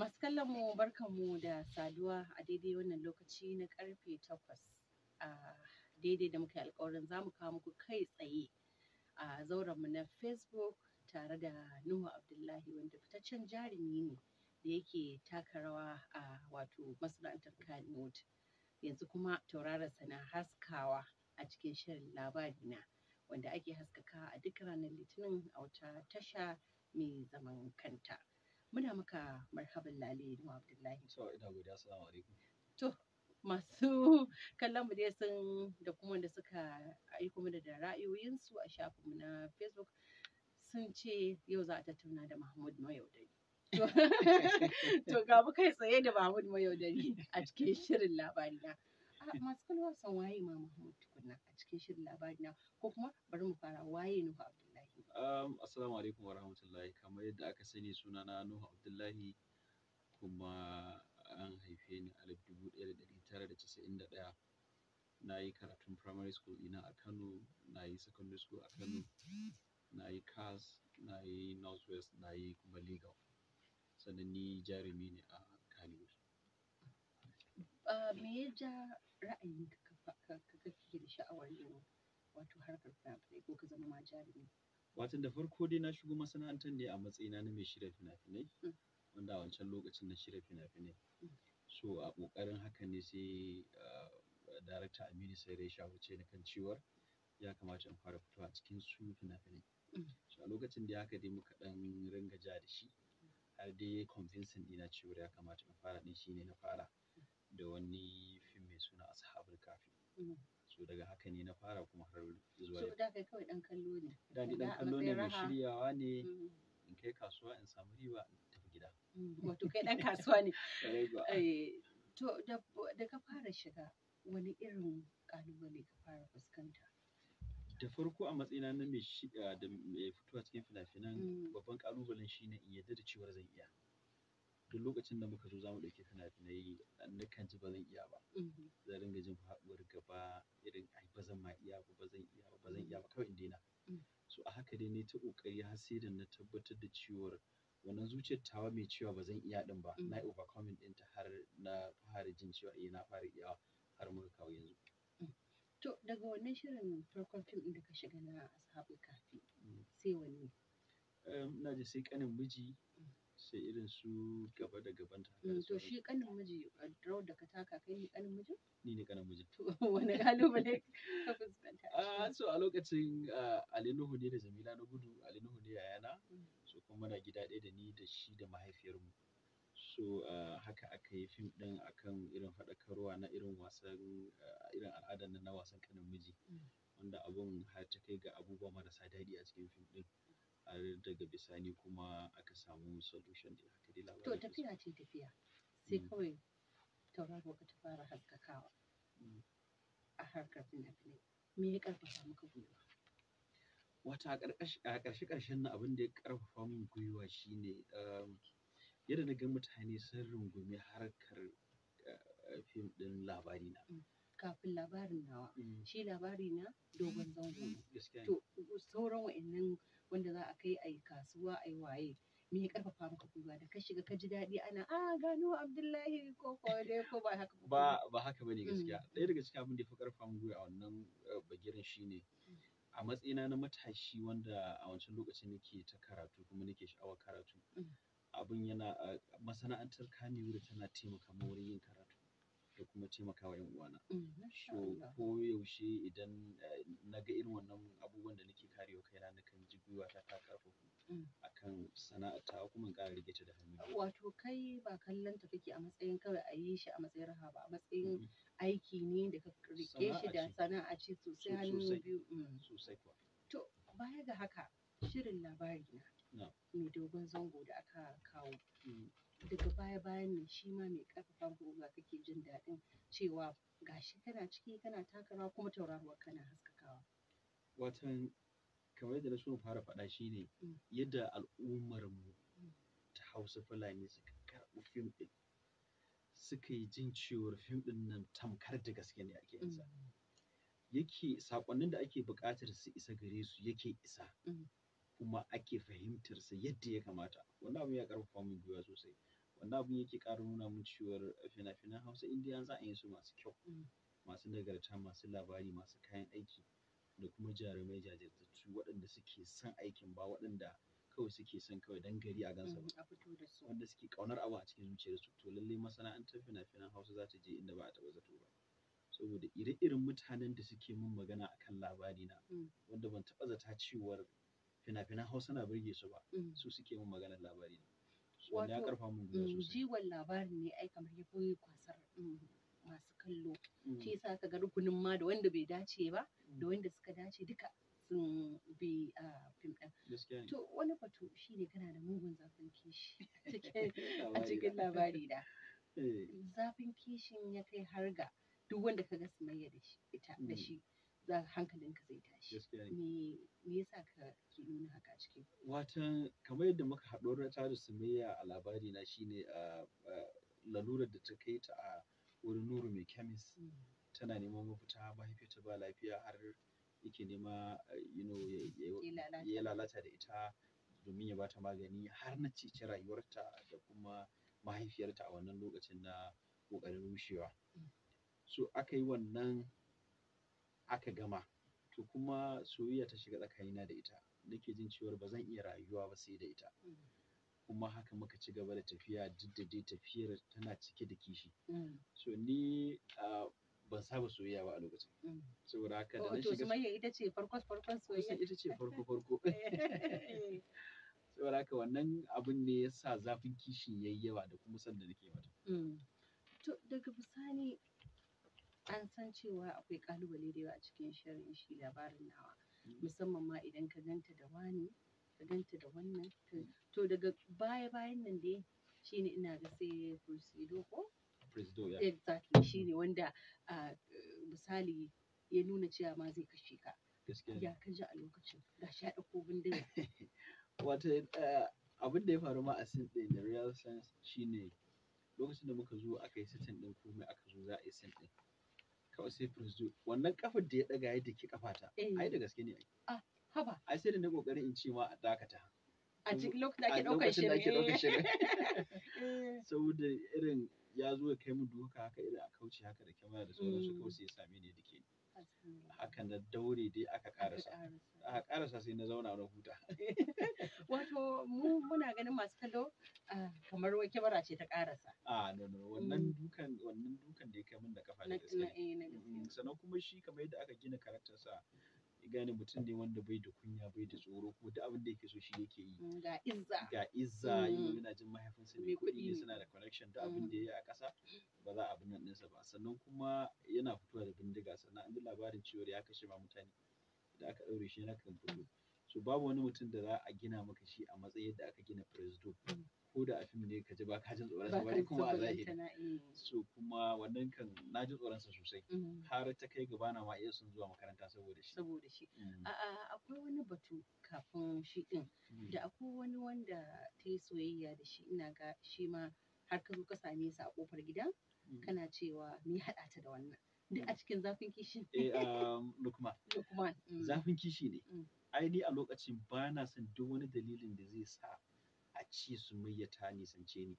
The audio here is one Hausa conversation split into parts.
Masu kallon mu barkanmu da saduwa a daidai wannan lokaci na karfe takwas a daidai da muka yi alkawarin za mu kawo muku kai tsaye a zaurenmu na Facebook tare da Nuhu Abdullahi wanda fitaccen jarumi ne da yake taka rawa a wato masana'antar kanot Yanzu kuma taurara na haskawa a cikin shirin labari na wanda ake haskaka a duk ranar Litinin a wata tasha mai zaman kanta. muna maka marhaban lale da abdullahi to ina godiya assalamu alaikum to masu kallon mu dai sun da kuma wanda suka aiko mana da ra'ayoyin su a shafinmu na facebook sun ce yau za a tattauna da mahmud mayaudari to ga mu kai tsaye da mahmud mayaudari a cikin shirin labari na masu kalwa sun waye ma mahmud tukunna a cikin shirin labari na ko kuma bari mu fara waye nuhu abdullahi Um, assalamu alaikum wa rahmatullahi kamar yadda aka sani sunana Nuhu Abdullahi kuma an haife ni a dubu ɗaya da ɗari tara da casa'in da ɗaya na yi karatun primary school ina a Kano na yi secondary school a Kano na yi CAS na yi Northwest na yi kuma Legal sannan ni jarumi ne a Kano. Me ya ja ra'ayinka ka kake da sha'awar yin wato harkar fina ko ka zama ma jarumi? Watan da farko dai na shigo masana'antar ne a matsayina na mai shirya fina-finai, mm. wanda a wancan lokacin na shirya fina-finai. Mm. So a ƙoƙarin haka ne sai ah, darakta Aminu Saira ya ce ni kan cewa ya kamata in fara fitowa cikin su fina-finai. Mm. So a lokacin dai haka dai muka ɗan ringa ja da shi har dai yayi convincing ɗina cewa ya kamata in fara ɗin ne na fara da wani fim mai suna Ashabul Kahfi. So daga fara kuma har zuwa yau. da kai kawai ɗan kallo ne. Da ni ɗan kallo ne mai shiryawa ne mm. in kai kasuwa in samu riba in tafi gida. Mm. Wato kai ɗan kasuwa ne. Eh, to da ka fara shiga wani irin ƙalubale ka fara fuskanta? da farko a matsayina na mai ah, da mai fitowa cikin fina-finan mm. babban shi ne in yadda da cewar zan iya duk lokacin da muka zo za mu ɗauki fina-finai na kan ji ba zan iya ba mm-hmm. zan ringa jin faɗuwar gaba irin ai ba zan ma iya ba ba zan iya ba ba zan iya ba kawai in na mm. so a haka dai ne ta ƙoƙari har sai da na tabbatar da cewar wannan zuciyar tawa mai cewa ba zan iya din ba mm. na overcoming ɗinta har na fara jin cewa eh na fara iya har muka kawo yanzu mm. to daga wannan shirin farkon fim ɗin da ka shiga na ashabul kafi sai wanne na ji sai kanin miji sai irin su gaba da gaban ta. Mm, to shi kanin miji rawar da ka taka kai ne kanin miji Ni ne kanin miji To wani kalubale ka fuskanta? Ah so a lokacin ah, Ali ne da Jamila na gudu, Ali ne yayana. Mm. So kuma muna gida ɗaya da ni da shi da mahaifiyar mu So ah, haka aka yi fim din akan irin faɗakarwa na irin wasan ah, irin al'adar na wasan kanin miji. Mm. Wanda abun har ta kai ga abubuwa marasa daɗi a cikin fim din A daga bisani kuma aka samu solution da haka dai labarin to tafiya ce tafiya sai mm. kawai tauraro ka ta fara haskakawa mm. a harkar fina me ya karfafa maka gwiwa wata a ƙarshe ƙarshen na abin da ya karfafa min gwiwa shine um, yadda na ga mutane sun rungumi harkar uh, fim ɗin labari na mm. kafin labarin nawa shi labari na dogon zango to sauran wa'annan wanda za a kai a yi kasuwa a yi waye me ya karfafa maka gwiwa da ka shiga ka ji daɗi ana a gano abdullahi ko ko dai ko ba haka ba ba haka bane mm. gaskiya ɗaya daga cikin abin da ya fi karfafa min gwiwa a wannan eh, bagiren shine mm. a matsayina na matashi wanda a wancan lokacin nake ta karatu kuma nake sha'awar karatu mm. abin yana eh, masana'antar kamewar tana taimaka ma wurin yin karatu da kuma taimakawa yan uwana mm, so ko yaushe idan eh, na ga irin wannan abubuwan da nake karewa kaina kan ji gwiwa ta karfafu mm. sana'a ta kuma in ƙara rike ta da hannu wato kai ba kallon ta kake a matsayin kawai a yi shi a matsayin raha ba a matsayin aiki ne da ka rike shi da sana'a ce sosai hannu biyu mm. sosai kuwa to baya ga haka shirin labari na mai dogon zango da aka kawo daga baya bayan nan shima ma mai ƙarfafa gwiwa kake jin daɗin cewa gashi kana ciki kana taka rawa kuma tauraruwar kana haskakawa. Watan kamar yadda na so fara faɗa shi ne mm. yadda al'ummar mu mm. ta Hausa Fulani suka karɓi fim ɗin suka yi jin cewar fim ɗin nan tamkar da gaske ne ake sa mm. Yake saƙonnin da ake buƙatar su isa gare su yake isa. kuma ake fahimtar fahimtarsa yadda ya kamata wannan abun ya ƙarfafa min gwiwa sosai wannan abun yake ƙara nuna mun cewar fina-finan Hausa indiya dai har za a yi su masu kyau mm. masu nagarta masu labari masu kayan aiki da kuma jarumai jajirtattu waɗanda suke son aikin ba waɗanda kawai suke son kawai dan gari a gansa ba mm, wanda suke ƙaunar abu a cikin zuciyar su to lallai masana'antar fina-finan Hausa za ta je inda ba a taɓa zato ba saboda ire-iren mutanen da suke min magana akan labari na mm. wanda ban taɓa zata cewar fina-finan hausa na birge su ba mm. su suke mun maganar labari wanda ya karfa mun gwiwa mm, sosai jiwon labarin ne ai kamar ya koyi kwasar mm, masu kallo shi yasa ka ga rukunin ma da wanda bai dace ba da wanda suka dace duka sun bi a fim ɗin to wani batu ne kana da mugun zafin kishi a cikin labari da eh. zafin kishin ya kai har ga duk wanda ka ga sumayya da shi za ka zai tashi me yasa ka ke nuna haka a cikin watan kamar yadda muka haɗu na tare sumayya a labari na shine a lalurar da ta kai ta a wurin nuru mai kemis hmm. tana neman mafita mahaifiyarta ba lafiya har yake nema ya lalata da ita domin ya bata magani har na ceci rayuwarta da kuma mahaifiyarta a wannan lokacin na ƙoƙarin rushewa hmm. so aka yi wannan aka gama to kuma soyayya ta shiga tsakanina da ita nake jin cewa ba zan iya rayuwa ba sai da ita mm. kuma haka muka ci gaba da tafiya duk da dai tafiyar tana cike da kishi mm. so ni ban saba soyayya ba a lokacin mm. saboda haka da oh, na shiga soyayya ita ce farko farkon soyayya ita ce farko farko eh. saboda haka wannan abin ne ya sa zafin kishin yayi yawa da kuma sanda nake mata to daga bisani an san cewa akwai ƙalubale da yawa a cikin shirin shi labarin nawa mm. musamman ma idan ka ganta da wani ka ganta da wannan mm. to daga baya bayan nan dai shine ina ga sai ya presido ko presido ya exactly shine mm. wanda misali ya nuna cewa ma zai kashe ka ya kaji a lokacin gashi ya ɗauko bindiga wato eh, abin da ya faru ma a sin ɗin da real sense shine lokacin da muka zo aka yi sitin ɗin komai aka zo za a yi sin ɗin kawai sai firist wannan kafar da ya daga ya dake kafata eh. ai da gaske ne ai ah, haba ai sai da na kokarin in ce ma a dakata a cikin lokacin da ake daukar shi ne saboda irin ya zo ya kai mu duka haka irin a kauce haka da kyamara da sauransu kawai sai ya same ni da ke haka na daure dai aka karasa aka karasa sai na zauna na huta wato mu muna ganin masu kallo ah, kamar wai kyamara ce ta karasa a ah, no no wannan mm. dukan wannan dukan da ya kai mun da kafa da gaskiya eh, mm, sannan kuma shi kamar yadda aka gina karaktar sa gane mutum ne wanda bai da kunya bai da tsoro kuma duk abin da yake so shi yake yi mm, ga izza ga izza mm. yana jin mahaifinsa mai kuɗi ne suna da connection da abin mm. da ya yi a ƙasa ba za a abin nan ɗinsa ba sannan kuma yana fitowa da bindiga sannan an ji labarin cewa ya kashe ma mutane da aka ɗaure shi yana kan fito so babu wani mutum da za a gina maka shi a matsayin da aka gina presdo ko da a fim ne ka ji ba ka jin tsoron sa kuma a zahiri eh. so kuma wannan kan na ji tsoron sa sosai mm-hmm. har ta kai gaba na ma iya sun zuwa makaranta saboda shi saboda shi mm. akwai wani batu kafin shi din mm. da akwai wani wanda ta yi soyayya da shi ina ga shi ma har ka zo ka same sa a kofar gidan mm. kana cewa me haɗa ta da wannan duk a cikin zafin kishi eh um, lukman lukman zafin kishi ne ai ni a lokacin ba na son duk wani dalilin da zai sa ce Sumayya ta nisance ni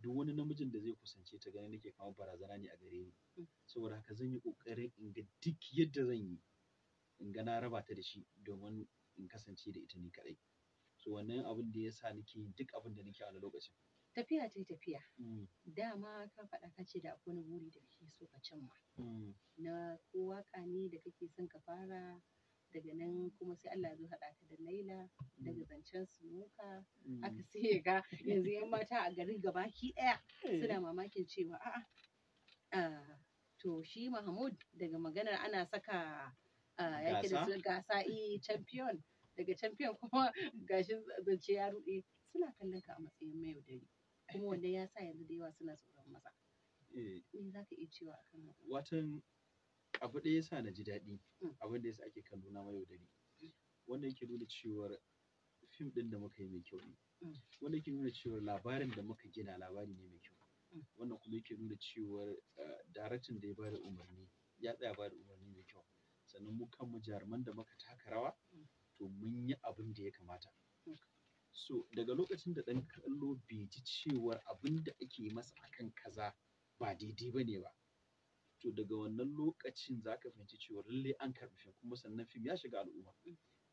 duk wani namijin da zai kusance ta gani nake kamar barazana ne a gare ni saboda haka zan yi kokarin in ga duk yadda zan yi in ga na raba ta da shi domin in kasance da ita ni kadai so wannan abin da yasa nake yin duk abin da nake a wani lokacin tafiya ta tafiya mm. dama ka faɗa ka ce da akwai wani buri da kake so ka cimma mm. na ko waka ne da kake son ka fara daga nan kuma sai Allah zo haɗa ka da Naila mm. daga zancen sumuka mm. aka sai ga yanzu yan mata a garin gabaki ɗaya eh. suna mamakin cewa a'a to shi Mahmud daga maganar ana saka yake da gasa e champion daga champion kuma gashin zance ya ruɗe suna kallon ka a matsayin mai yaudari kuma wanda ya sa yanzu da yawa suna tsoron maza. Eh. Me za ka iya cewa akan Watan abu ɗaya yasa na ji daɗi mm. abin da yasa ake kallo na mayo dare mm. wanda yake nuna cewar fim ɗin da muka yi mai kyau ne mm. wanda yake nuna cewar labarin da muka gina labari ne mai kyau wannan kuma yake nuna cewar eh, daraktan da ya ba da umarni ya tsaya da umarni mai kyau sannan mu mu jaruman da muka taka rawa to mun yi abun da ya kamata so daga lokacin da ɗan kallo bai ji cewar abun da ake masa akan kaza ba daidai ba ne ba to daga wannan lokacin za ka fahimci cewa lallai an karɓi fim kuma sannan fim ya shiga al'umma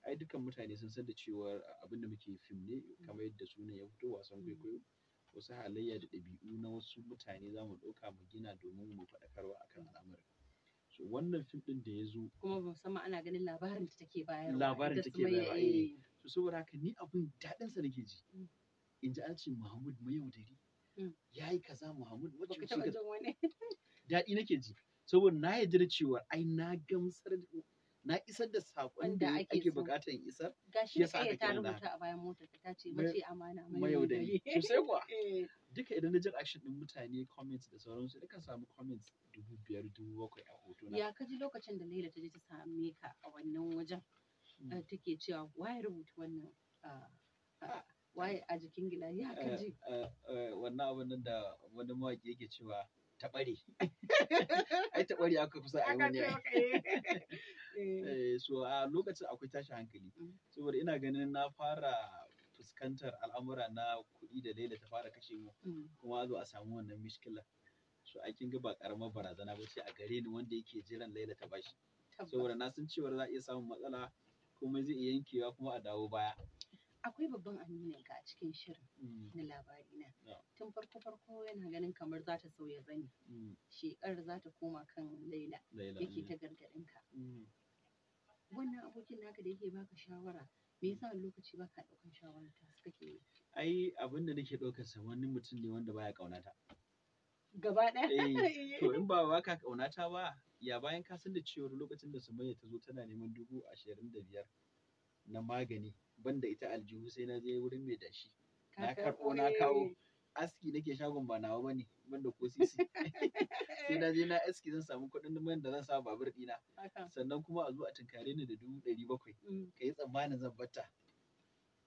ai dukkan mutane sun san da cewa abin da muke fim ne kamar yadda sunan ya fito wasan mm. kwaikwayo wasu halayya da ɗabi'u na wasu mutane za mu ɗauka mu gina domin mu faɗakarwa akan al'amarin so wannan fim ɗin da ya zo kuma musamman ana ganin labarin da take bayarwa labarin da take bayarwa so eh. eh. saboda haka ni abin daɗinsa nake ji mm. in ji an ce Mahmud mayaudari Mm. ya yi kaza Muhammad wacce ce daɗi nake ji saboda na yarda da cewa ai na gamsar na isar da saƙon da ake buƙatar isar shi yasa aka kira na ta bayan motar ta ce mace amana mai yaudari to sai kuwa eh. duka idan na jin action din mutane comments da sauransu duka samu comments dubu biyar dubu bakwai a hoto na ya ji lokacin da Laila ta je ta same ka a wannan wajen hmm. eh, take cewa waye rubuta wannan ah, ah, waye a jikin gida ya ka eh, ji eh, eh, wannan abin da wani mawaki yake cewa ta ai ta bare aka kusa a wani ai so a lokacin akwai tashi hankali mm. saboda ina ganin na fara fuskantar al'amura na kuɗi da laila ta fara kashe mu mm. kuma zo a samu wannan mishkilar so a kin ga ba karamar barazana ba ce a gare ni wanda yake jiran laila ta bashi saboda na san cewa za a iya samun matsala kuma zai iya yankewa kuma a dawo baya akwai babban aminin ka a cikin shirin mm. na labari na tun farko farko yana ganin kamar za ta sauya zani mm. shekar za ta koma kan laila yake mm. ta gargaɗin ka wannan abokin naka da yake baka shawara me yasa lokaci baka ɗaukan shawara ta kake ai abin da nake ɗaukar sa wani mutum ne wanda baya ƙaunata gaba ɗaya eh, eh. to in ba baka ƙaunata ba ya bayan ka san da cewa lokacin da Sumayya ta zo tana neman dubu ashirin da biyar na magani Banda ita aljihu sai na je wurin mai dashi na karɓo na kawo eh. aski nake shagon ba nawa bane banda ko sisi sai na je na aski zan samu kuɗin man da zan sa babur ɗina sannan kuma a zo a tunkare ni da dubu ɗari bakwai mm. ka yi tsammanin zan batta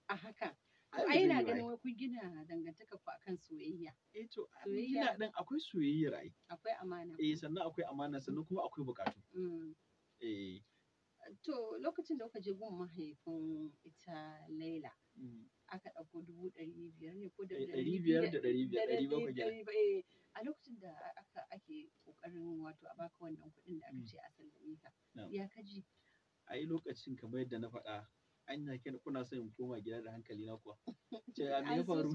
a haka ai na ganin wai kun gina dangantaka ku akan soyayya eh to gina din akwai soyayya rai akwai amana eh sannan akwai amana sannan kuma akwai bukatu mm. eh to lokacin da kuka je gun mahaifin ita Laila mm. aka ɗauko dubu ɗari biyar ne ko eh, ɗari biyar da ɗari biyar ɗari biyar eh, a lokacin da aka ake ƙoƙarin wato a baka wannan kuɗin da aka mm. ce a sallame ka ya kaji a yi lokacin kamar yadda na faɗa an yi kyan kuna son in koma gida da hankali na kuwa ce a me ya faru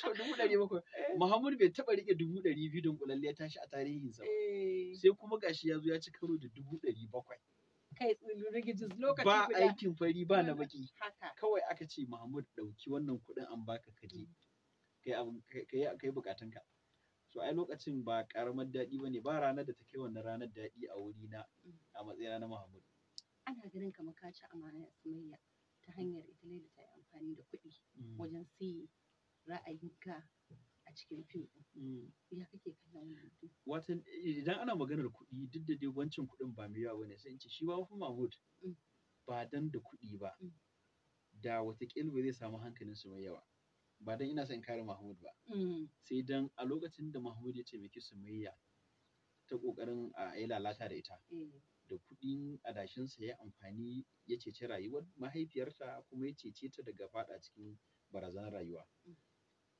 to dubu ɗari bakwai eh. Muhammadu bai taɓa riƙe dubu ɗari biyu don ƙulalle ya tashi a tarihinsa ba sai kuma gashi ya zo ya ci karo da dubu ɗari bakwai kai ba aikin fari ba na baki kawai aka ce Muhammad dauki wannan kuɗin an baka kaje kai kai ka. so ai lokacin ba karamar daɗi bane ba ranar da ta kai wannan ranar dadi a wuri na a matsayina na Muhammad ana ganin kamar ka ci amana Sumayya ta hanyar ita da ta yi amfani da kuɗi mm. wajen sai ra'ayinka a cikin fim mm. ya kake kallon watan idan ana maganar kuɗi duk da dai wancan kuɗin ba mai yawa bane sai in ce shi ba fa mahmud mm. ba dan da kuɗi ba mm. da watakila ba zai samu hankalin su mai yawa ba dan ina son kare mahmud ba sai dan a lokacin da mahmud ya taimaki sumayya ta kokarin a yi lalata da ita eh. da kuɗi kuɗin adashinsa ya amfani ya ceci rayuwar mahaifiyarta kuma ya cece ta daga faɗa cikin barazanar rayuwa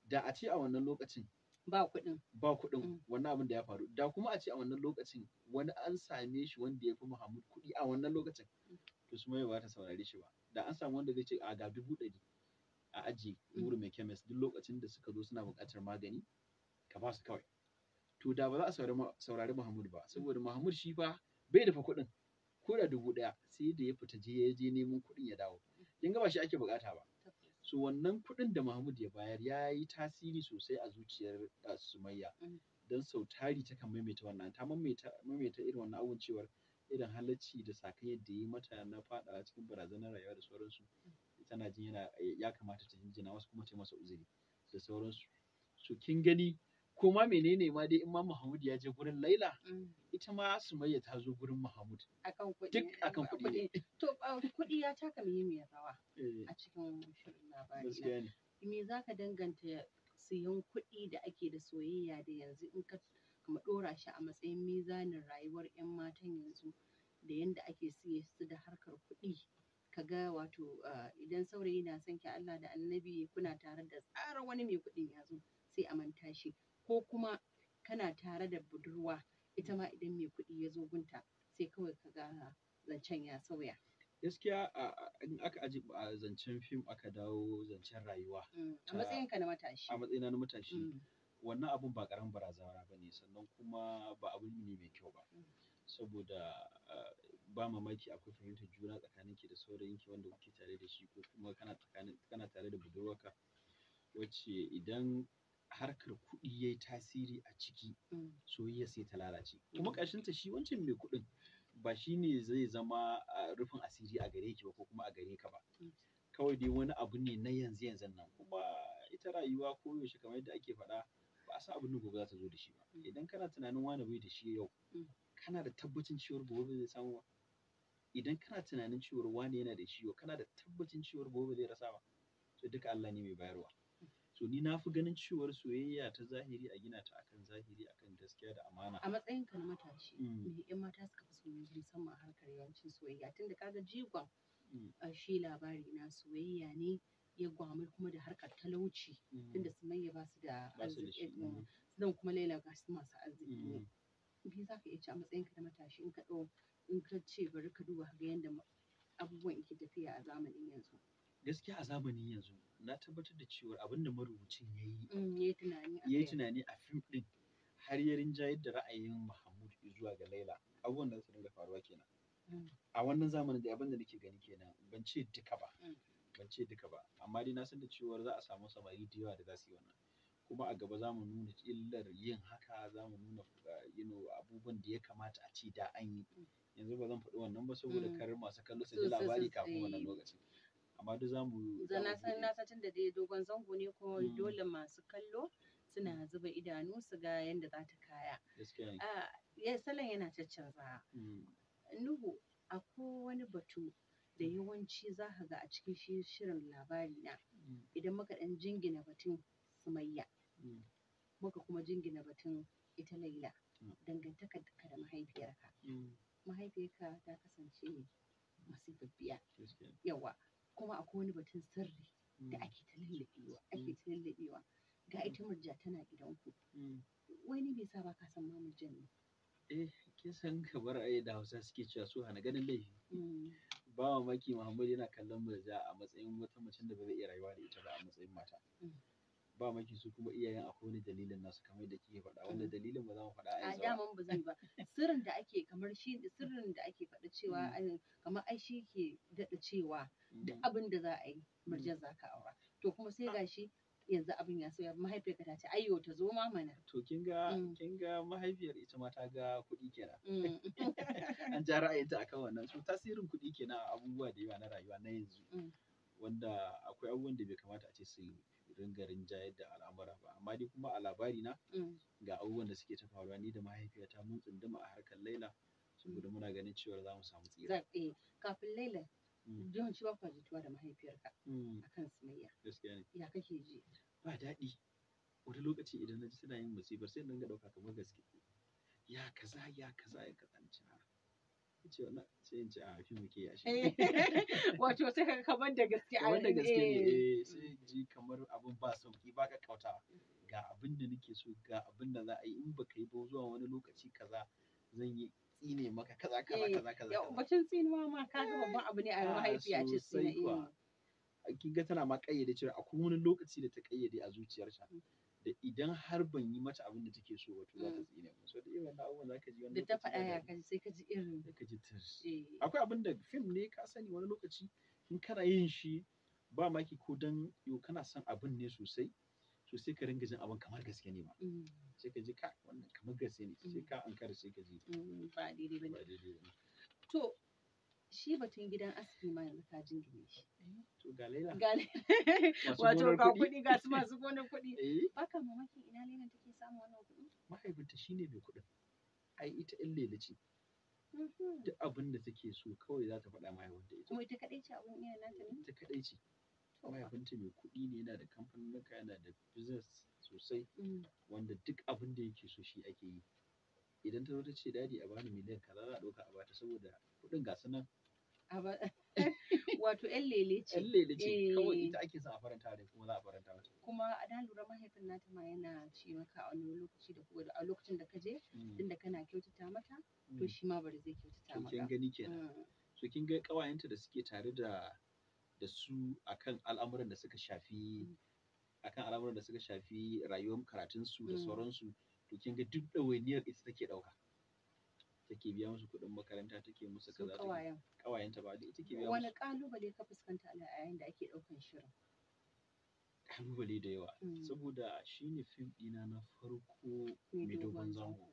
da a ce a wannan lokacin ba kuɗin ba kuɗin mm. wannan abin da ya faru da kuma a ce a wannan lokacin wani an same shi wanda ya fi Muhammad kuɗi a wannan lokacin mm. to su mai wata ta saurare shi ba da an samu wanda zai ce a ga dubu ɗari a aji mm. wurin mai kemis duk lokacin da suka zo suna buƙatar magani ka ba su kawai to da ba za a saurari Muhammad ba saboda Muhammad shi fa bai dafa kuɗin ko da dubu ɗaya sai da ya fita je ya je neman kuɗin ya dawo kin ga ba shi ake buƙata ba Su wannan kuɗin da mahmud ya bayar ya yi tasiri sosai a zuciyar sumayya mm. don sau tari takan maimaita wannan ta maimaita irin wannan abun cewar irin halacci da sakai yadda yi mata na faɗawa cikin barazanar rayuwa da sauransu mm. tana jin yana ya kamata ta jinjina wasu kuma ta masa uzuri da sauransu su kin gani ko ma menene ma dai in ma Mahmud ya je gurin Laila mm. ita ma Sumayya ta zo gurin Mahmud akan kuɗi duk akan kuɗi to kuɗi ya taka muhimmiyar rawa eh. a cikin shirin labari me zaka danganta siyan kuɗi da ake da soyayya da yanzu in ka kuma ɗora shi a matsayin mizanin rayuwar 'yan matan yanzu da yanda ake siye su da harkar kuɗi kaga wato ah, idan saurayi na son Allah da annabi kuna tare da tsara wani mai kuɗin ya sai a manta shi ko kuma kana tare da budurwa ita ma idan mai kuɗi ya zo gunta sai kawai ka ga zancen ya sauya. Gaskiya in aka aji a zancen fim aka dawo zancen rayuwa. Mm, a matsayinka na matashi. A matsayina na matashi. Mm. Wannan abun ba ƙaramin barazana ba ne sannan kuma ba abun ne mai kyau ba. Mm. Saboda ba mamaki akwai fahimtar juna tsakanin tsakaninki da saurayinki wanda kuke tare da shi ko kuma kana tare da budurwarka wacce idan harkar kuɗi ya yi tasiri a ciki mm. soyayya sai ta lalace kuma mm. ta shi wancan mai kuɗin ba shi ne zai zama rufin asiri a gare ki ba ko kuma a gare ka ba mm. kawai dai wani abu ne na yanzu yanzu nan kuma ita rayuwa ko yaushe kamar yadda ake faɗa ba a san abin da gobe za ta zo da shi ba idan kana tunanin wani bai da shi yau kana da tabbacin cewar gobe zai samu ba idan kana tunanin cewar wani yana da shi yau kana da tabbacin cewar gobe zai rasa ba to duka Allah ne mai bayarwa so ni na fi ganin cewar soyayya ta zahiri a gina ta akan zahiri akan gaskiya da amana a matsayin ka na matashi mm. me yan mata suka fi soyayya musamman harkar yawancin soyayya tunda kaga jigon mm. shi labari na soyayya ne ya gwamar kuma da harkar talauci mm. tunda su manya ba su da arziki zan eh, kuma laila ga su masu arziki ne me za ka iya ci a matsayinka na matashi in ka ɗau in ka ce bari ka duba ga yadda abubuwan ke tafiya a zamanin yanzu gaskiya a zamanin yanzu na tabbatar da cewa abin da marubucin ya yi mm, ya yi tunani a fim ɗin har ya rinjayar da ra'ayin Mahmud zuwa ga Laila abubuwan da su dinga faruwa kenan mm. a wannan zamanin da abin da nake gani kenan ban ce duka ba mm. ban ce duka ba amma dai na san da cewa za a samu samari da yawa da za su yi wannan kuma a gaba za mu nuna illar yin haka za mu nuna uh, abubuwan da ya kamata a ce da an yi yanzu ba zan faɗi wannan ba saboda kar masu kallo su ji labari kafin wannan lokacin amma duk za mu na san na satin da dai dogon zango ne kuma hmm. dole masu kallo suna hmm. zuba idanu su ga yadda za ta kaya gaskiya ah, salon yana caccanza hmm. nuhu akwai wani batu da yawanci za ka ga a cikin shirin labari na idan muka ɗan jingina batun sumayya muka kuma jingina batun ita laila dangantakar da mahaifiyarka mahaifiyarka ta kasance masu babbiya yawa kuma akwai wani batun sirri mm. da ake ta lallabewa mm. ake ta ga ita mm. murja tana gidanku wani bai sa ba ka san ma murjan ne eh kin san kamar ai da Hausa suke cewa su hana ganin laifi ba mamaki Muhammad yana kallon murja a matsayin wata macen da ba zai iya rayuwa da ita ba a matsayin mata ba maki su kuma iyayen akwai wani dalilin nasu kamar yadda kike faɗa wanda mm. dalilin ba za mu faɗa a yanzu ba A ba zan ba sirrin da ake kamar shi sirrin da ake faɗa cewa mm. kamar ai shi ke daɗa cewa duk mm. abin da za a yi murjan za ka aura to kuma sai ah. gashi yanzu abin ya sauya mahaifiyarka ta ce ayyo ta zo ma mana to kin ga kin ga mahaifiyar ita ma ta ga kuɗi kenan an ja ra'ayinta akan wannan so tasirin kuɗi kenan a abubuwa da yawa na rayuwa na yanzu wanda akwai abubuwan da bai kamata a ce su ringa rinjayar da al'amura ba amma dai kuma a labari na mm. ga abubuwan da suke ta faruwa ni da mahaifiyata mun tsunduma a harkar laila saboda muna ganin cewa za mu samu tsira eh, kafin laila mm. yawanci ba kwa jituwa da mahaifiyarka mm. akan sumayya gaskiya ne ya kake ji ba daɗi wani lokaci idan na ji suna yin musibar sai dinga ɗauka kamar gaske ya kaza ya kaza ya kaza ni ce wani sai in ce a ah, fim muke ya shi eh, wato sai ka kamar da gaske a wanda gaske ne eh. Eh, sai ji kamar abin ba sauki ba ka kauta ga abin da nake so ga abin da za a yi in baka yi ba zuwa wani lokaci kaza zan yi tsine maka kaza kaza kaza kaza bacin tsinuwa ma ka ga babban abu ne a ah, mahaifiya ce tsine kin ga tana ma kayyade cewa akwai wani lokaci da ta kayyade a zuciyarta mm. da idan har ban yi mata abin da take so wato za ta mm. tsine mu so da irin wannan abubuwan za ka ji wani da ta faɗa ya kan sai ka ji irin da ka ji eh. akwai abin da fim ne ka sani wani lokaci in kana yin shi ba maki ko dan yau kana son abin ne sosai to sai ka ringa jin abin kamar gaske ne ma mm. sai ka ji ka wannan kamar gaske ne sai mm. ka ankara sai ka ji ba daidai ba ne to shi batun gidan aski ma yanzu ka jingine shi ga wato ga kuɗi ga su masu gonar kuɗi eh? baka mamaki ina lelan take samun wannan kuɗi mahaifinta shi ne mai kuɗin ai ita in lele ce mm-hmm. duk abin da take so kawai za ta faɗa mahaifinta ita kuma ita kaɗai ce abin iyayen nata ne ita kaɗai ce mahaifinta mai kuɗi ne yana da kamfanunuka yana da business sosai mm. wanda duk abin da yake so shi ake yi idan ta zo ta ce dadi a bani miliyan kaza za a ɗauka a bata saboda kuɗin ga su nan wato yan lele ce yan lele ce kawai eh. ita ake son a faranta da kuma za a faranta mata kuma a da lura mahaifin nata ma yana ce maka a wani lokaci da kuma a lokacin da ka je mm. da kana kyautata mata to mm. shi ma bari zai kyautata maka kin gani kenan mm. so kin ga kawayenta da suke tare da da su akan al'amuran da suka shafi akan al'amuran da suka shafi rayuwar karatunsu da sauransu to kin ga duk ɗawainiyar ita take ɗauka take biya musu kuɗin makaranta take musu kaza take ta ba duk take biya wani kalubale ka fuskanta a yayin da ake ɗaukan shirin kalubale da yawa hmm. saboda shine fim ɗina na farko mai dogon zango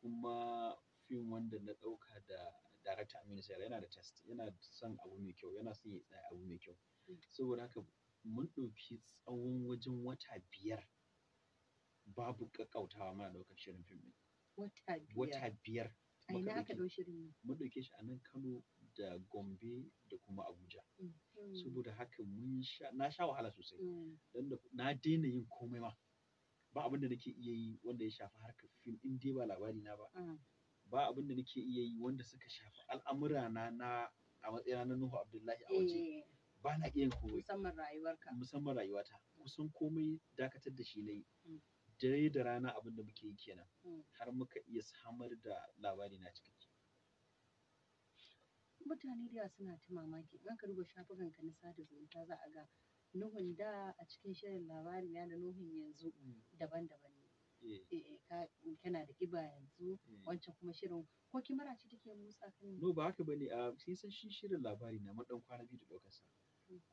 kuma fim wanda na ɗauka da darakta Aminu Sayar yana da test yana son abu mai kyau yana son ya tsaya abu mai kyau hmm. saboda haka mun ɗauki tsawon wajen wata biyar babu ƙaƙƙautawa mana ɗaukar shirin fim ɗin wata biyar a mun ɗauke shi a nan kano da gombe da kuma abuja mm, hmm. saboda haka na sha wahala sosai mm. don na daina yin komai ma ba abin da nake iya yi wanda ya shafi harkar fim in dai ba labari na ba mm. ba abin da nake iya yi wanda suka shafi al'amura na na a matsayina na Nuhu Abdullahi a waje eh. ba na iya yin komai musamman rayuwarka musamman rayuwata kusan komai dakatar da shi na yi dare da rana abin da muke yi kenan hmm. har muka iya samar da labari na cikin mutane da suna ta mamaki in ka duba shafukan ka na sada zumunta za a ga nuhun da a cikin shirin labari na da nuhun yanzu hmm. daban-daban ne eh. Eh, eh, kana da kiba yanzu hmm. wancan kuma shirin ko kimara ce take musa kan no ba haka bane a ah, sai san shi shirin labari na madan kwana biyu da daukar sa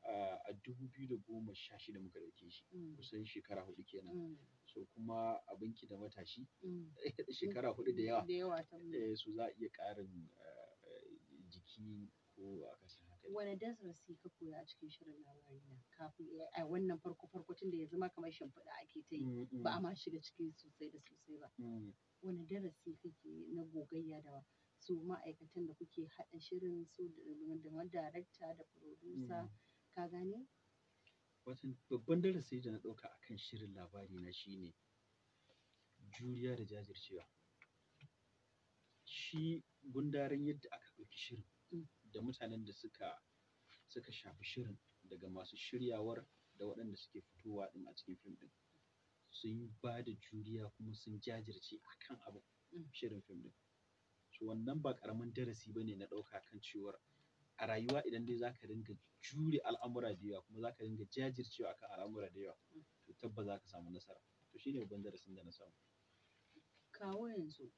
ah, a dubu biyu da goma sha shida muka dauke shi kusan shekara hudu kenan so kuma abinki da matashi mm. shekara hudu da yawa su eh, za a iya karin eh, jiki ko a kasa wani darasi ka koya a cikin shirin labari na kafin eh, a wannan farko farko tun da ya zama kamar shimfiɗa ake ta yi mm, mm. ba a ma shiga cikin sosai da sosai ba wani darasi kake na gogayya da su ma'aikatan da kuke haɗa shirin su da darakta da furodusa ka gane wata babban darasi da na ɗauka a kan shirin labari na shine juriya da jajircewa. Shi gundarin yadda aka ɗauki shirin da mutanen da suka suka shafi shirin daga masu shiryawar da waɗanda suke fitowa ɗin a cikin fim ɗin sun ba da juriya kuma sun jajirce a kan abin mm. shirin fim ɗin. wannan ba ƙaramin darasi ba ne na ɗauka kan cewar a rayuwa idan dai zaka ringa jure al'amura da yawa kuma zaka ringa jajircewa akan al'amura da yawa to tabbas zaka samu nasara to shine babban darasin da na samu kawo yanzu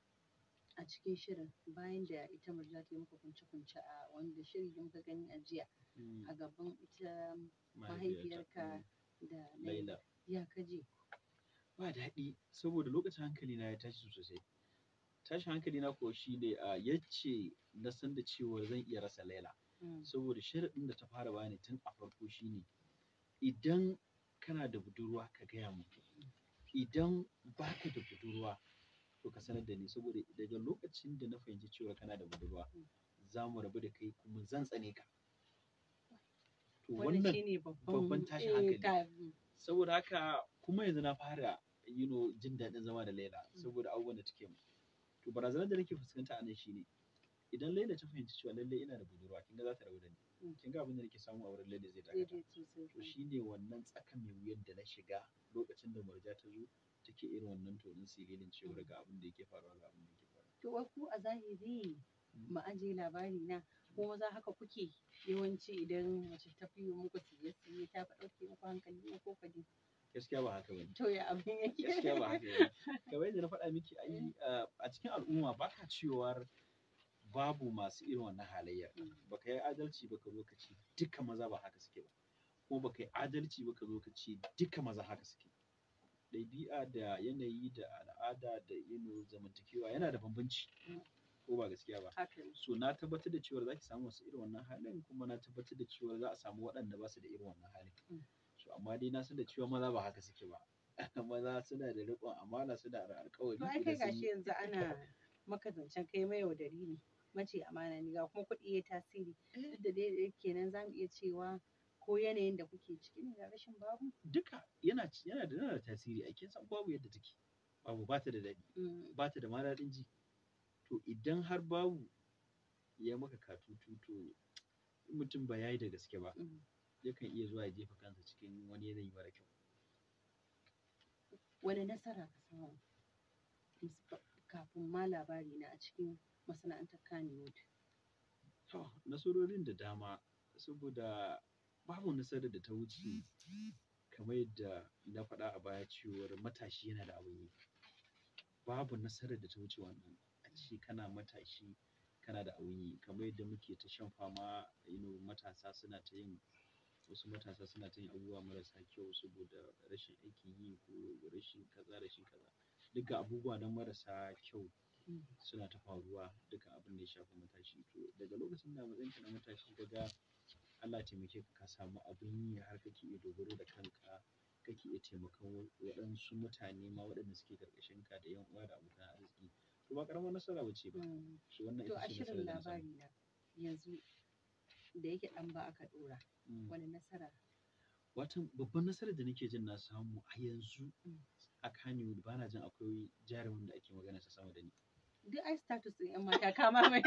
a cikin shirin bayan da ita murja ta yi maka kunce-kunce a wanda shiri da muka gani a jiya hmm. a gaban ita mahaifiyarka hmm. da laila ya kaji ba daɗi saboda lokacin hankali na ya tashi sosai tashin hankali na ko shi ne a ah, yacce na san da cewa zan iya rasa laila Mm. saboda ɗin da ta fara bani tun a farko shine idan kana da budurwa ka gaya mu idan baka da budurwa to ka sanar da ni saboda daga lokacin da na fahimci cewa kana da budurwa mm. za mu rabu da kai kuma zan tsane ka to wannan babban tashin eh, hankali mm. saboda haka kuma yanzu na fara you jin daɗin zama da Laila saboda abubuwan da take mu to barazanar da nake fuskanta a nan shine idan Laila ta fahimci cewa lallai ina da budurwa kin ga za ta rabu da ni mm. kin ga abin da nake samu a wurin Laila zai dakata to shine wannan tsakanin mai da na shiga lokacin da Murja ta zo take irin wannan tonin sililin cewa ga abin da yake faruwa ga abin da yake faruwa to wasu a zahiri mu aje labari na kuma za haka kuke yawanci idan mace ta fi muku siye siye ta fa dauke muku hankali ko fa gaskiya ba haka bane to ya abin yake gaskiya ba haka bane kamar yadda na faɗa miki mm. a cikin al'umma ba ka cewar babu masu irin wannan halayyar ka yi adalci ba ka zo ka ce duka maza ba haka suke ba kuma ka yi adalci ba ka zo ka ce duka maza haka suke ɗabi'a da yanayi da al'ada da yanayin zamantakewa yana da bambanci ko ba gaskiya ba so na tabbatar da cewa za ki samu wasu irin wannan halin kuma na tabbatar da cewa za a samu waɗanda ba su da irin wannan halin mm. so amma dai na san da cewa maza ba haka suke ba maza suna da riƙon amana suna da alƙawari to ai kai gashi yanzu ana maka zancen kai mai yaudari ne mace amana ne ga kuma kuɗi ya tasiri eh. duk da dai kenan za mu iya cewa ko yanayin da kuke ciki ne ga rashin babu duka yana yana da yana tasiri a kin san babu yadda take babu ba ta da daɗi mm. ba ta da ma daɗin ji to idan har babu ya maka katutu to mutum ba yayi da gaske ba mm. yakan iya zuwa ya jefa kansa cikin wani yanayi mara kyau wani nasara ka samu kafin ma labari na a cikin masana'antar Kannywood? To, nasarorin da dama saboda babu nasarar da ta wuce kamar yadda na faɗa a baya cewar matashi yana da abin yi. Babu nasarar da ta wuce wannan a ce kana matashi kana da abin yi kamar yadda muke ta shan fama you matasa suna ta yin wasu matasa suna ta yin abubuwa marasa kyau saboda rashin aikin yi ko rashin kaza rashin kaza duka abubuwa na marasa kyau suna ta faruwa duka abin da ya shafi matashi to daga lokacin da matsayin na matashi ka ga Allah taimake ka ka samu abin yi har kake iya dogaro da kanka kake iya taimakon waɗansu mutane ma waɗanda suke ƙarƙashin ka da yan uwa da abokan arziki to ba ƙaramar nasara bace ba so mm. wannan ita ce nasarar labari na yanzu da yake dan ba aka dora mm. wani nasara watan babban nasarar da nake jin na samu a yanzu mm. a Kano ba na jin akwai jarumin da ake magana sa sama da ni duk ai status ɗin yan mata kama mai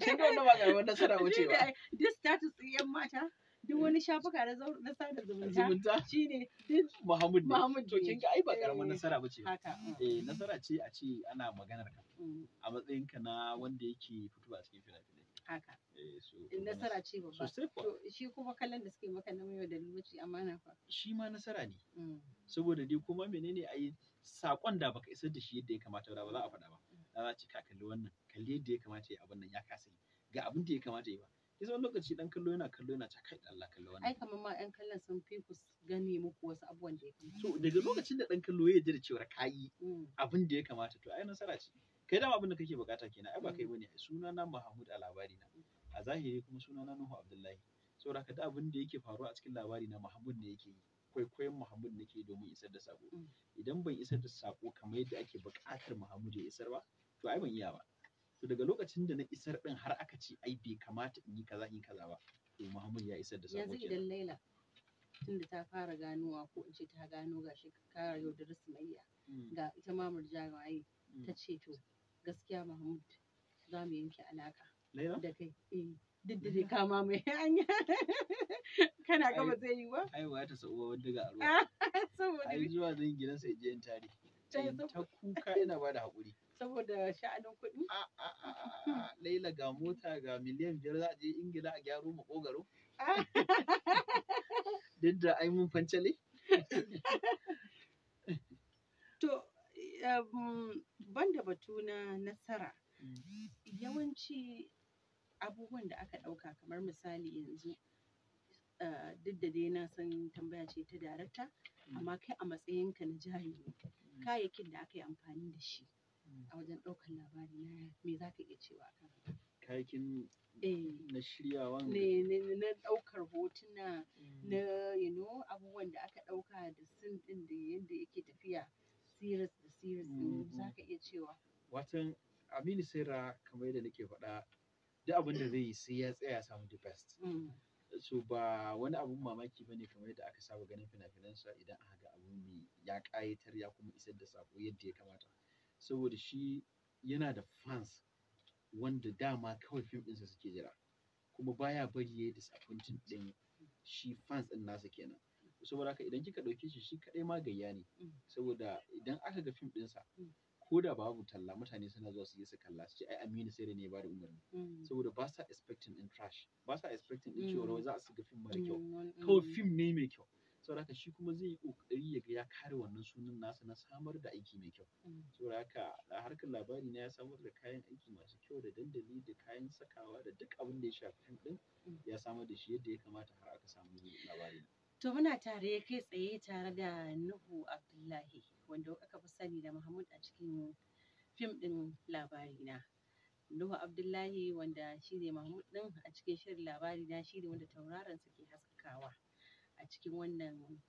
kin ga wannan ba karamar nasara wuce ba duk status ɗin yan mata duk wani shafuka na sada zumunta shine duk Muhammad Muhammad to kin ga ai ba karamar eh, nasara bace haka mm. eh nasara ce a ce ana maganar ka mm. a matsayin ka na wanda yake fitowa cikin fina-finai haka eh, eh, nasara ce babba to shi kuma kallon da suke maka na yau da lokaci amana fa shi ma nasara ne mm. saboda dai kuma menene ai saƙon da baka isar da shi yadda ya kamata ba za a faɗa ba za ci ka kalli wannan kalli yadda ya kamata yi abin nan ya kasa yi ga abin da ya kamata yi ba ya zama lokaci dan kallo yana kallo yana ta kai Allah kallo wannan ai kamar ma ɗan kallon sun fi ku gane muku wasu abubuwan da ya kamata to daga lokacin da ɗan kallo ya da cewa ka yi mm. abin da ya kamata to ai nasara ce kai dama abin da kake bukata kenan ai ba kai bane mm. suna na Muhammad a labari na a zahiri kuma suna na Nuhu Abdullahi saboda haka da abin da yake faruwa a cikin labari na Muhammad ne yake yi kwaikwayon Muhammad nake domin isar da sako mm. idan ban isar da sako kamar yadda ake buƙatar Muhammad ya isar ba to ai ban iya ba to daga lokacin da na isar din har aka ce ai bai kamata in yi kaza in yi kaza ba to Muhammad ya isar da sako yanzu idan Laila tunda ta fara ganowa ko in ce ta gano gashi ka yaudari Sumayya hmm. ga ita ma murjawaye hmm. ta ce to gaskiya Mahmud za mu yanke alaka da kai eh duk da dai kama mai hanya kana gaba zai yi ba ai ta sa uwa wanda ga aro ai zuwa zan gidansa je in tare ta kuka ina ba da haƙuri saboda sha'anin kuɗi laila ga mota ga miliyan biyar za a je ingila a gyaro makogaro duk da ai mun fancale to um, banda batu na nasara mm. yawanci abubuwan da aka ɗauka kamar misali yanzu uh, duk da dai na san tambaya ce ta darakta mm. amma kai a matsayinka na jahili kayayyakin da aka yi amfani da shi hmm. a wajen ɗaukar labari na me za ka iya cewa akan haka kayakin eh. na shiryawan na ɗaukar hotuna hmm. na you abubuwan da aka ɗauka da sin ɗin da yadda yake tafiya series da series ɗin hmm, za ka iya cewa watan aminu sera kamar yadda nake faɗa duk abin da zai yi sai ya tsaya samu the best so ba wani abun mamaki ba ne kamar yadda aka saba ganin fina-finansa idan aka ya ƙayatar ya kuma isar da sako yadda ya kamata saboda shi yana da fans wanda dama kawai fim ɗinsa suke jira kuma baya bari ya yi disappointing ɗin shi fans ɗin nasa kenan saboda haka idan kika ɗauke shi shi kaɗai ma gayya ne mm. saboda idan aka ga fim ɗinsa mm. ko da babu talla mutane suna zuwa su je su kalla su ce ai Aminu sai ne ya bada umarni mm. saboda ba sa expecting in trash ba sa expecting in cewa za su ga fim mara kyau kawai fim ne mai kyau saboda shi kuma zai yi kokari ya ga ya kare wannan sunan nasa na samar da aiki mai kyau mm. saboda haka harkar labari na ya samar da kayan aiki masu kyau da dandali da kayan sakawa da duk abin da ya shafi fim din mm. ya samar da shi yadda ya kamata har aka samu labari to muna tare kai tsaye tare da Nuhu Abdullahi wanda aka fi sani da Muhammad a cikin fim din labari na Nuhu Abdullahi wanda shine Mahmud din a cikin shirin labari na shine wanda tauraron sa ke haskakawa a cikin wannan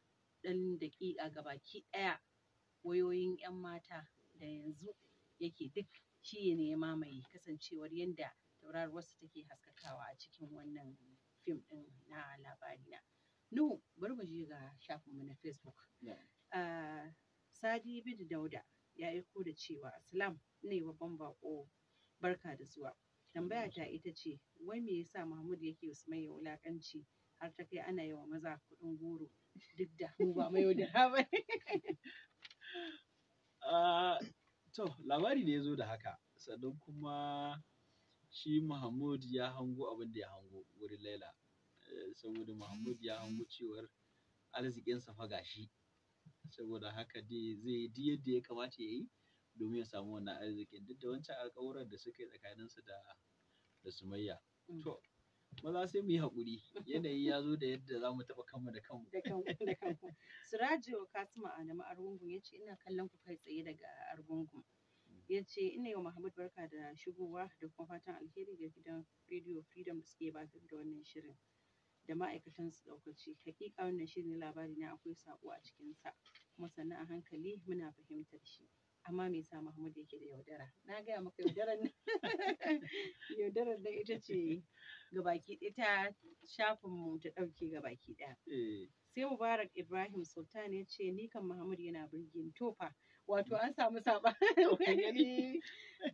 ɗan daƙiƙa gabaki ɗaya wayoyin 'yan mata da yanzu yake duk shi ne ya mamaye kasancewar yadda tauraruwarsu take haskakawa a cikin wannan fim ɗin na labarina. Nuhu bari mu je ga shafinmu na Facebook. Ah, Sadi bin Dauda ya aiko da cewa Salam ne babban baƙo, barka da zuwa. Tambaya ta ita ce wai me yasa Mahmud yake Usman ya wulakanci har ta kai ana yawa wa maza kuɗin goro duk da mu ba mai yaudara ba ah, to labari ne ya zo da haka sannan kuma shi Muhammad ya hango abin da ya hango wurin Laila eh, saboda Muhammad ya hango cewar arzikinsa fa gashi saboda haka zai yi yadda ya kamata ya yi domin ya samu wannan arzikin duk da wancan alƙawuran da suka yi tsakaninsa da da Sumayya mm. maza sai mu yi haƙuri yanayi ya zo da yadda za mu taɓa kanmu da kanmu da kanmu kasima adamu argungun ya ce ina kallon ku kai tsaye daga argungun ya ce ina wa mahmud barka da shigowa da kuma fatan alheri ga gidan radio freedom da suke batar da wannan shirin da ma'aikatan su ɗaukaci hakika wannan shirin labari na akwai saƙo a cikinsa kuma sannan a hankali muna fahimtar shi amma me yasa Mahmud yake da yaudara na gaya maka yaudarar nan yaudarar nan ita ce gabaki ɗaya ta shafin mu ta ɗauke gabaki ɗaya eh. sai Mubarak Ibrahim Sultan ya ce ni kan yana birgin tofa wato an samu saba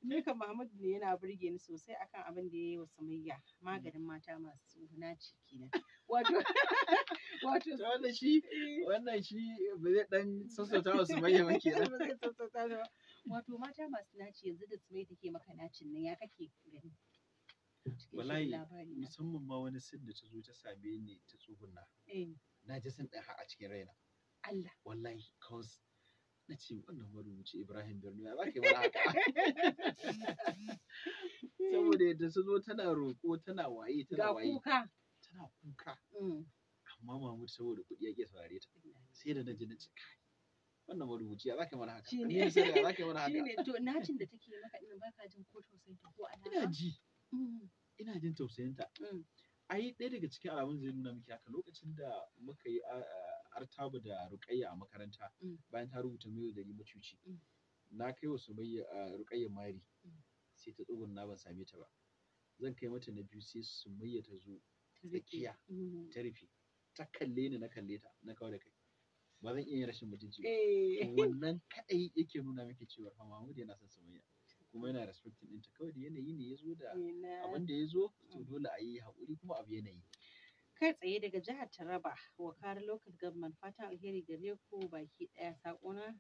ni kan Mahmud ne yana burge ni sosai akan abin da yi wa samayya. maganin mata masu na ciki wato wato wannan shi eh. wannan shi ba zai dan sassauta wasu bayyana ba kenan wato mata masu naci yanzu da tsumai take maka nacin nan ya kake gani wallahi musamman ma wani sin da ta zo ta same ni ta tsuguna eh. na ji sin ɗan a cikin raina Allah wallahi cause na ce wannan marubuci Ibrahim Birni ya zaka yi mana haka saboda yadda ta zo tana roƙo tana waye tana waye tana kuka mm. amma Mahmud saboda kuɗi yake saurare ta sai da naji nace kai wannan marubuci ya zaka mana haka ne sai ya zaka mana haka shine to nacin da take maka din baka jin ko tausayin ta ko alama ina ji mm. ina jin tausayin ta mm. ai ɗaya daga cikin alamun zai nuna miki haka lokacin da muka yi artabu da ruƙayya a makaranta mm. bayan ta rubuta mai da macuci na kai wa sumayya ruƙayya mari sai ta tsugunna ban same ta ba zan kai mata na biyu sai sumayya ta zo tsakiya ta rufe ta kalle ni na kalle ta na kawo da kai ba zan iya yin rashin mutunci ba eh. wannan kadai yake nuna miki cewa fa Mahmud yana son soyayya kuma yana respecting ɗinta kawai da yanayi ne ya zo da abin da ya to mm. dole a yi hakuri kuma abu yanayi kai tsaye daga jihar Taraba wakar local government fatan alheri gare ku baki ɗaya sakona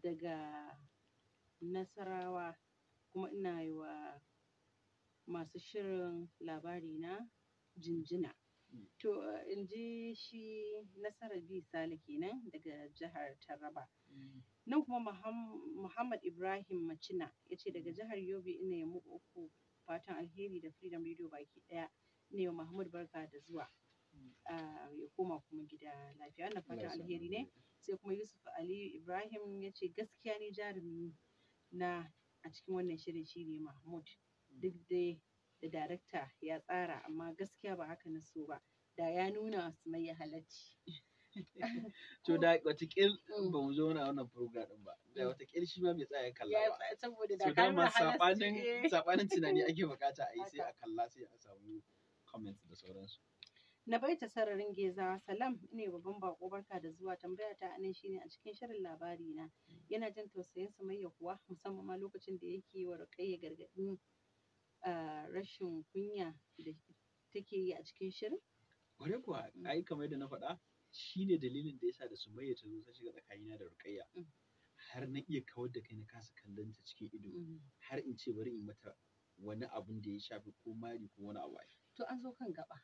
daga Nasarawa kuma ina yi wa masu shirin labari na jinjina To in ji shi Nasarar B Sale kenan daga jihar Taraba. Mm. Nan kuma Muhammad Ibrahim Macina ya ce daga mm. jihar Yobe ina yi muku fatan alheri da Freedom Radio baki ɗaya. Ina yi Muhammad barka da zuwa. Mm. ya koma kuma gida lafiya wannan fatan alheri ne sai kuma yusuf aliyu ibrahim ya ce gaskiya ne jarumi na a cikin wannan shirin shiri mahmud duk dai da darakta ya tsara amma gaskiya ba haka na so ba da ya nuna su mai halacci to da watakil mm. ba mu zauna wannan program din ba da mm. watakil shi ma bai tsaya kalla ba saboda da kan dama sabanin eh. sabanin tunani ake bukata a yi sai a kalla sai a samu comments da sauransu na baita sararin geza salam ne babban bako barka da zuwa tambaya ta anan shine a cikin shirin labari na mm. yana jin tausayin samayya kuwa musamman ma lokacin da yake wa rukayya gargadin rashin kunya da take yi a cikin shirin? Kwarai kuwa, mm. ai kamar yadda na faɗa shi ne dalilin da yasa da Sumayya ta zo shiga tsakanina da Rukayya. Mm. Har na iya kawar da kai na kasa kallon ta cikin ido mm. har in ce bari in mata wani abun da ya shafi ko mari ko wani abu. To an zo kan gaba.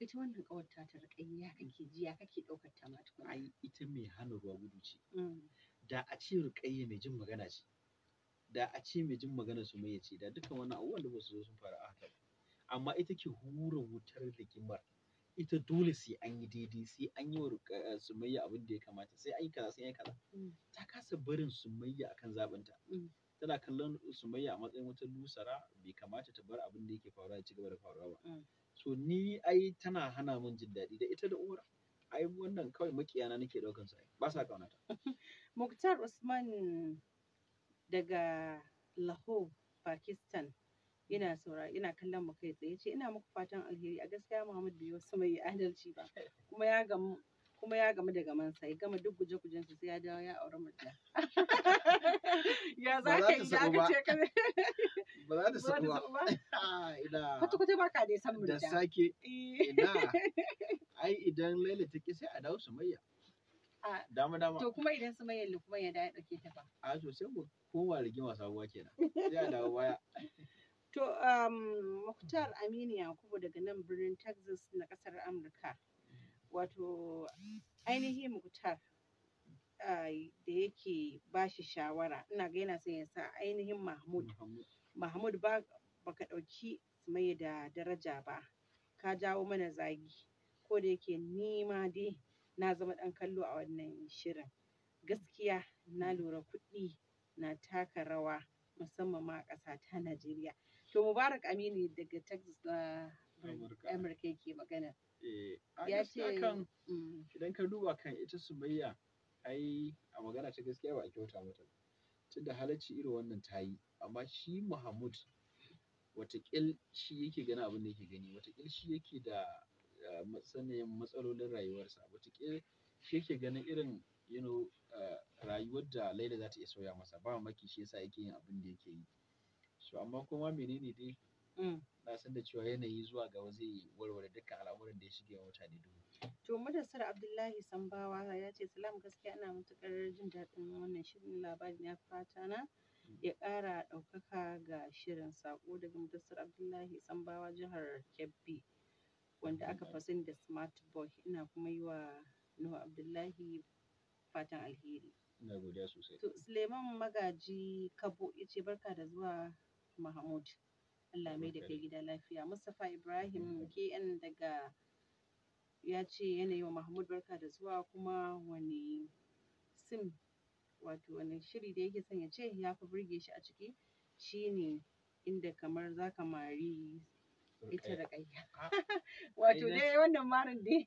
ita wannan kawarta ta Rukayya ya kake ji ya kake ɗaukar ta ma tukuna. Ai ita mai hana ruwa gudu ce. Da a ce Rukayya mai jin magana ce. da a ce mai jin magana su mai ce da dukkan wannan abubuwan da ba su zo sun faru a haka amma ita ke hura wutar da gimar ita dole sai an yi daidai sai an yi wa eh, sumayya abin da ya kamata sai an yi kaza sai an yi kaza mm. ta kasa barin sumayya akan zabinta mm. tana kallon sumayya a matsayin wata lusara bai kamata ta bar abinda yake faruwa ya ci gaba da faruwa ba mm. so ni ai tana hana min jin daɗi da ita da umar ai wannan kawai makiyana nake ɗaukan su ba sa ƙaunata Muktar Usman daga Lahore, Pakistan. ina saura ina kallon mu kai tsaye ce ina muku fatan alheri a gaskiya Muhammad bai wasu mai adalci ba kuma ya gamu kuma ya gamu da gamansa ya gama duk guje-gujen su sai ya dawo ya aure da. ya za ka yi da aka ce ka ba za ta saku ba ah, ina kwata-kwata ba ka dai san mu da sake eh. ina ai idan laila ta ki sai a dawo mayya. dama dama to kuma idan su mayan kuma ya dawo dauke ta a to sai ku kowa rigima sabuwa kenan sai a dawo baya to um Muktar Aminu Yakubu daga nan birnin Texas na kasar Amurka wato ainihin Muktar da yake ba shi shawara ina ga yana son ya sa ainihin Mahmud Mahmud ba baka ɗauki mai da daraja ba ka jawo mana zagi ko da yake nima dai na zama ɗan kallo a wannan shirin gaskiya na lura kuɗi na taka rawa musamman ma a ƙasa ta Najeriya to Mubarak Aminu daga Texas na ah, Amurka yake magana eh, ya ce mm. idan ka duba kan ita Sumayya ai a magana ta gaskiya ba a kyauta mata tunda halacci irin wannan ta yi amma shi Muhammad watakil shi yake ganin abin da yake gani watakil shi yake da sanin matsalolin rayuwarsa wataƙila shi ke ganin irin you know uh, rayuwar da Laila za ta iya sauya masa ba mamaki shi yasa yake yin abin da yake yi so amma kuma menene dai mm. na san da cewa yanayi zuwa gaba zai warware duka al'amuran da ya shige wa mutane duhu. To madasar Abdullahi Sambawa ya ce salam gaskiya ana matukar jin daɗin wannan shirin labarin ya fata na ya ƙara ɗaukaka ga shirin saƙo daga madasar Abdullahi Sambawa jihar Kebbi. wanda aka fi sani da smart boy ina kuma yi wa Nuhu Abdullahi fatan alheri. Ina godiya sosai. To Suleiman Magaji Kabo ya ce barka da zuwa Mahmud. Allah mai da kai gida lafiya. Mustapha Ibrahim KN daga ya ce yanayi wa Mahmud barka da zuwa kuma wani sim wato wani shiri da yake son ya ce ya fi burge shi a ciki shi ne, inda kamar zaka mari ita raƙayya ah, wato dai wannan marin dai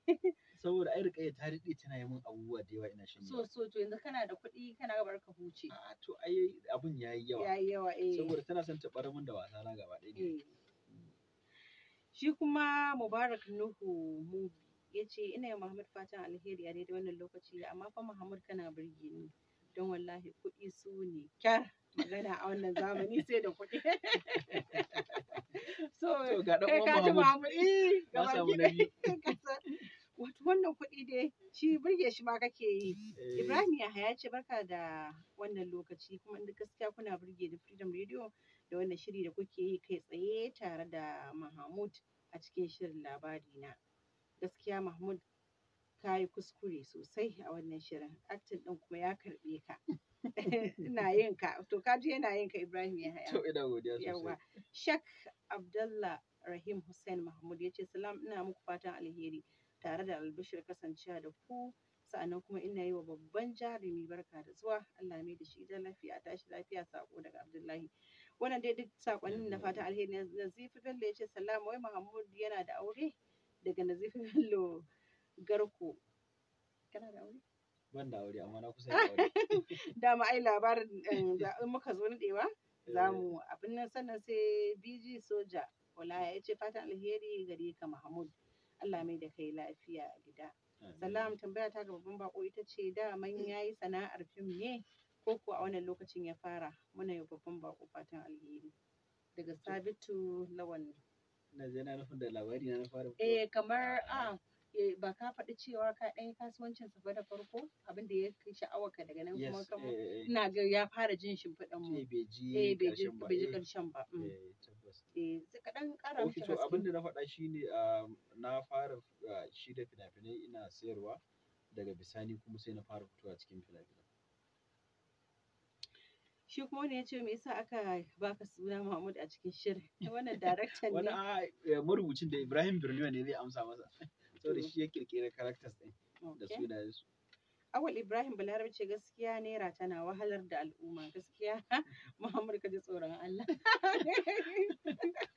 saboda ai raƙayya ta daɗe tana yi min abubuwa da yawa ina shan so so to yanzu kana da kuɗi kana gabar ka huce a ah, to ai abun yayi yawa yayi yawa eh saboda tana son ta bar min da wasa na gaba ɗaya eh. shi kuma mubarak nuhu mu yace ina yi muhammad fatan alheri a daidai wannan lokaci amma fa muhammad kana birge ni don wallahi kuɗi su ne kyar magana a wannan zamani sai da kuɗi so kai ka ji mamu eh gaba wannan kuɗi dai shi birge shi ma kake yi eh. ibrahim yahaya ce barka da wannan lokaci kuma inda gaskiya kuna burge da freedom radio da wannan shiri da kuke yi kai tsaye tare da mahmud a cikin shirin labari na gaskiya mahmud ka yi kuskure sosai a wannan shirin aktin ɗin kuma ya karɓe ka ina yin ka to ka ji yana yin ka Ibrahim ya haya to ina godiya sosai yawa Shak Abdallah Rahim Hussein Mahmud ya ce salam ina muku fatan alheri tare da albishir kasancewa da ku sa'annan kuma ina yi wa babban jarumi barka da zuwa Allah mai da shi da lafiya tashi lafiya sako daga Abdullahi wannan dai duk sakonnin da fatan alheri Nazifi Bello ya ce salam wai Mahmud yana da aure daga Nazifi Bello Garko. Kana da aure? Ban da aure amma na kusa da aure. Dama ai labarin da eh, in muka zo naɗewa za mu eh. abin nan sannan sai BG Soja wala ya ce fatan alheri gare ka Mahmud. Allah mai da kai lafiya a gida. Salam tambaya ta ga babban bako ita ce da man yayi sana'ar fim ne ko ko a wannan lokacin ya fara muna yi babban bako fatan alheri. Daga Sabitu Lawan. Na je na nufin da labari na na fara. Eh kamar a ah, Eh, ba ka faɗi cewa ka ɗan yi kasuwancin sa ba da farko abin da ya kai sha'awar ka daga nan kuma ka eh, eh. ina ga ya fara jin shimfiɗan mu eh bai ji ƙarshen ba eh mm. kaɗan ƙara mishi to abin da na faɗa shine um, na fara uh, shi da fina-finai ina sayarwa daga bisani kuma sai na fara fitowa cikin fina-finai shi kuma wani ya ce me yasa aka baka suna Mahmud a cikin shirin wannan daraktan ne wani ah, marubucin da Ibrahim Birniwa ne zai amsa masa saboda shi ya kirkira characters din da sunayen su awal ibrahim balarabe ce gaskiya naira tana wahalar da al'umma gaskiya muhammad ka ji tsoron allah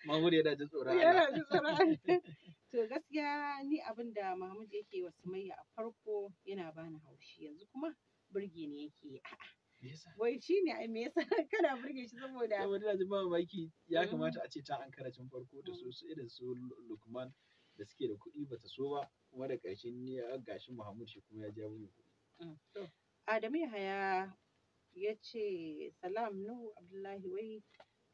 mahmud yana ji tsoron allah yana ji tsoron allah to gaskiya ni abin da mahmud yake wa sumayya a farko yana bani haushi yanzu kuma burge ne yake a'a wai shi ne ai me yasa kana burge shi saboda saboda ina ji mamaki ya eh. kamata a ce ta ankara tun farko da su irin su lukman da suke da kuɗi bata so ba kuma da ƙarshe ni gashi Muhammad shi kuma ya ja mini kuɗi. Mm. Adamu Yahaya ya ce salam Nuhu Abdullahi wai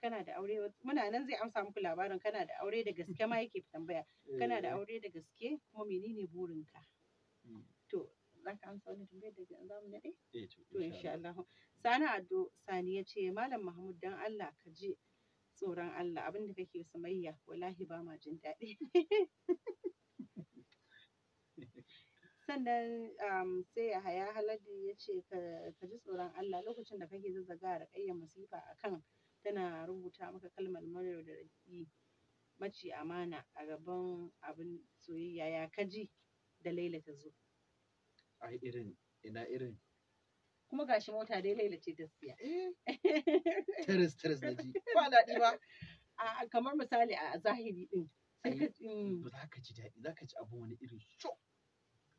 kana da aure muna nan zai amsa muku labarin kana da aure da gaske ma yake tambaya kana da eh. aure da gaske kuma menene burinka mm. to za ka amsa wani tambayar da za mu naɗe eh to insha Allah sani Ado Sani ya ce malam Muhammad don Allah ka je tsoron Allah abin da kake sumayya wallahi ba ma jin daɗi sannan um, sai Yahaya Haladu ya ce ka ji tsoron Allah lokacin da kake zazzaga da ƙayyar masifa a kan tana rubuta maka kalmar marar da raƙi maci amana a gaban abin soyayya ya kaji da Laila ta zo. Ai irin ina irin kuma gashi mota dai laila ce ta siya eh. taris taris na ji ba daɗi ba A kamar misali a zahiri din mm. ba za ka ji daɗi za ka ji abu wani irin shok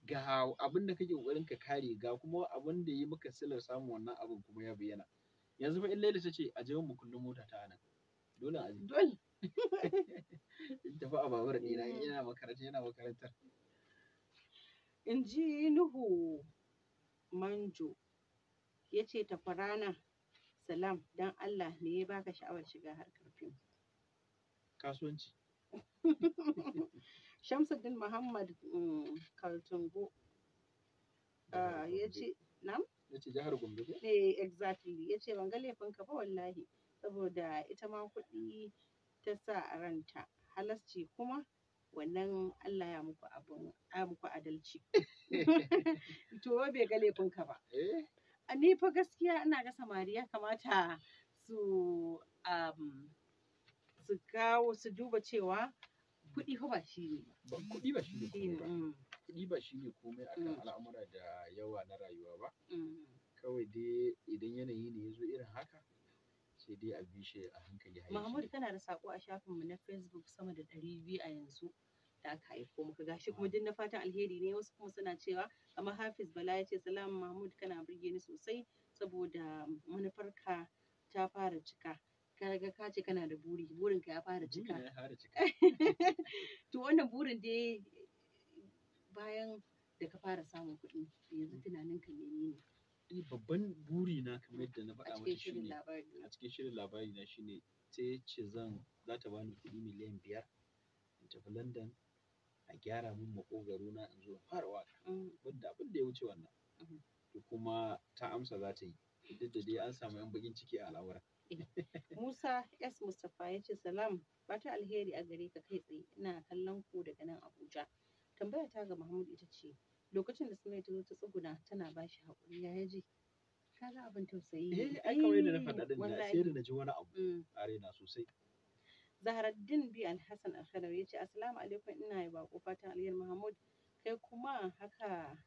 ga abin da kake kokarin ka kare ga kuma abin da yi maka silar samun wannan abin kuma ya bayyana yanzu fa in laila ta ce a je mu kullum mota ta nan dole a ji. dole In tafi a babur ɗina yana makarantar yana makarantar in ji nuhu manjo yace ce tafarana salam don Allah ne ya baka sha'awar shiga harkar fim kasuwanci Shamsuddin Muhammad mm, Kaltungo ah, ya ce nam? Ya jihar Gombe ne. Eh exactly ya ban ga laifinka ba wallahi saboda ita ma kuɗi ta sa a ranta halasci kuma wannan Allah ya muku abun ya muku adalci to bai ga laifinka ba eh? ni fa gaskiya ina ga samari ya kamata su um, su kawo su duba cewa kuɗi fa ba shi ne kuɗi ba shi ne mm. kuɗi ba shi ne komai akan mm. al'amura da yawa na rayuwa ba mm. kawai dai idan yanayi ne yazo irin haka sai dai a bi shi a hankali Mahmud kana da sako a shafin mu na Facebook sama da ɗari biyu a yanzu da aka aiko ka gashi kuma duk na fatan alheri ne wasu kuma suna cewa amma hafiz bala ya ce salam mahmud kana burge ni sosai saboda manufarka ta fara cika kaga ka ce kana da buri burinka ya fara cika to wannan burin dai bayan da ka fara samun kuɗi yanzu mm. tunaninka menene ne eh, babban buri na kamar yadda na faɗa mata shine a cikin shirin labari na shine ta ce zan za ta bani kuɗi miliyan biyar in tafi London a gyara min makogaro na in zo in fara waka mm. banda abin da ya wuce wannan mm-hmm. to kuma ta amsa za ta yi duk da dai an samu yan bakin ciki a al'amuran. Eh. Musa S Mustapha ya ce salam fata alheri a gare ka kai tsaye ina kallon ku daga nan Abuja tambaya ta ga Mahmud ita ce lokacin da Sumai ta zo ta tsuguna tana ba shi haƙuri ya yaji ka ga abin tausayi eh ai kawai da na faɗa din da eh, sai da na ji wani abu mm. a raina sosai Zaharaddin B. Alhassan Alkanawi ya ce Assalamu alaikum ina yi bako fatan alheri Mahmud kai kuma haka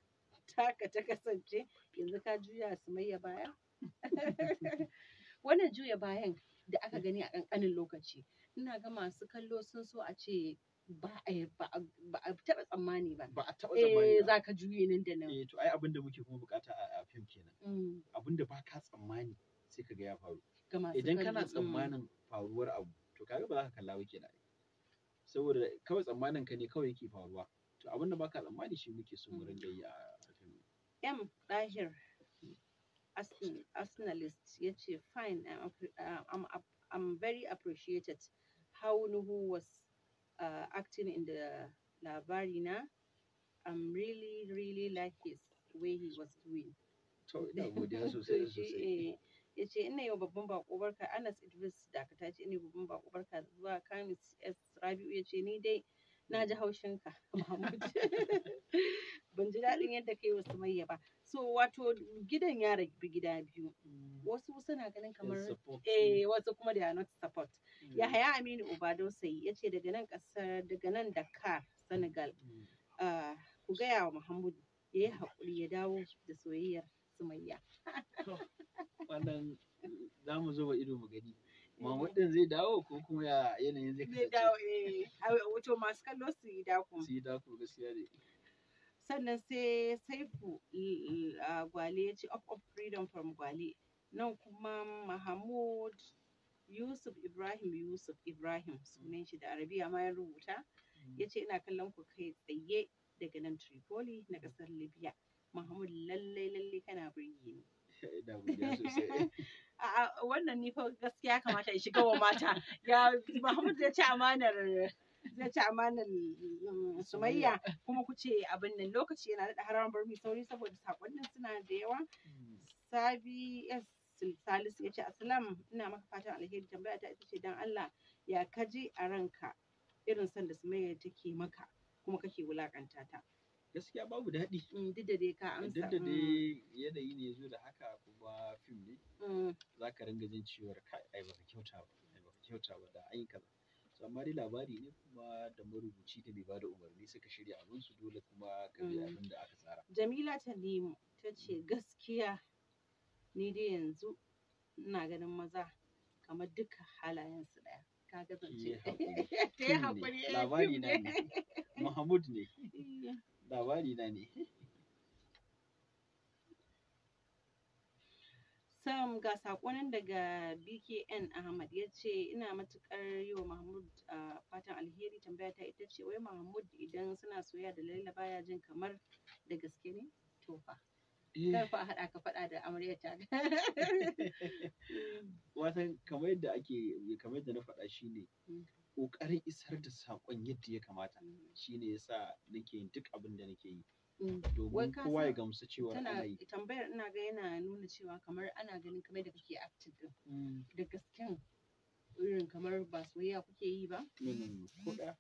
taka ta kasance yanzu ka juya maye baya. Wannan juya bayan da aka gani a ƙanƙanin lokaci ina ga masu kallo sun so a ce ba a taɓa tsammani ba. Ba a taɓa tsammani eh, ba. za ka juye nan da nan. Eh to ai abin da muke kuma bukata a fim kenan. Mm. Abin da ba ka tsammani sai ka ga ya faru. Idan kana mm. tsammanin faruwar abu to kaga ba za ka kalla ba kenan saboda kawai tsammanin ka ne kawai yake faruwa to abin da baka tsammani shi muke so mu mm. ringa yi a M Dahir Arsenalist ya ce fine I'm, uh, I'm, I'm very appreciated how Nuhu was uh, acting in the labari na I'm really really like his way he was doing to ina godiya sosai eh, sosai ya ce ina yau babban bako barka anas idris dakata ce ina babban bako barka zuwa kamis s rabiu ya ni dai na ji haushinka mahmud ban ji daɗin yadda kai wasu mayya ba so wato gidan ya rabu gida biyu mm. wasu suna ganin kamar eh wasu kuma da not support mm. Yahaya aminu obado sai yace daga nan ƙasar daga nan dakar senegal mm. ah, ku gaya wa muhammadu ya yi haƙuri ya dawo da soyayyar sumayya wannan za mu zuba ido mu gani ma din eh. zai dawo ko kuma ya yanayin zai kasance? Zai dawo eh a wato masu kallo su yi dako. Su yi dako gaskiya ne. Sannan sai Saifu Gwale ya ce of freedom from Gwale. Nan kuma Mahmud Yusuf Ibrahim Yusuf Ibrahim sunan shi da Arabiya ma ya rubuta. Hmm. Ya ce ina kallon ku kai tsaye daga nan Tripoli na kasar Libya. Mahmud lallai lallai kana birge ni. A'a sosai. Wannan ni fa gaskiya kamata ya shiga wa mata. Ya Muhammad ya ci amanar zai ci amanar um, sumayya kuma ku ce abin nan lokaci yana daɗa harawan barmi sauri saboda sakonnin suna da yawa hmm. sabi s salisu ya ce asalam ina maka fatan alheri tambaya ta ita ce dan allah ya kaji a ranka irin son da sumayya take maka kuma kake wulakanta ta gaskiya babu daɗi mm, duk da dai ka eh, amsa duk da dai mm. yanayi ne zo da haka kuma fim ne mm. za ka ringa jin cewar kai ai ka kyauta ba ai ka kyauta ba da an yi kaza amma dai labari ne kuma da marubuci ta mai da umarni suka shirya abin su dole kuma ka bi abin da aka tsara Jamila Tanimu ta ce gaskiya ni dai yanzu ina ganin maza kamar duka halayensu ɗaya kaga zance ta yi hakuri labari na ne Muhammad ne labari na ne Sam ga saƙonin daga BKN Ahmad ya ce ina matuƙar yi wa Mahmud fatan alheri tambaya ta ita ce wai Mahmud idan suna soya da Laila baya jin kamar da gaske ne to fa eh. kar a haɗa ka faɗa da amaryarta watan kamar yadda ake kamar yadda na faɗa shi ne. Mm. ƙoƙarin isar da saƙon yadda ya kamata shi ne ya sa nake yin duk abin da nake yi mm. domin kowa ya gamsu cewa ana yi tambayar ina ga yana nuna cewa kamar ana ganin kamar da kake active ɗin. Mm. da gasken irin kamar ba soyayya kuke yi ba mm, ko da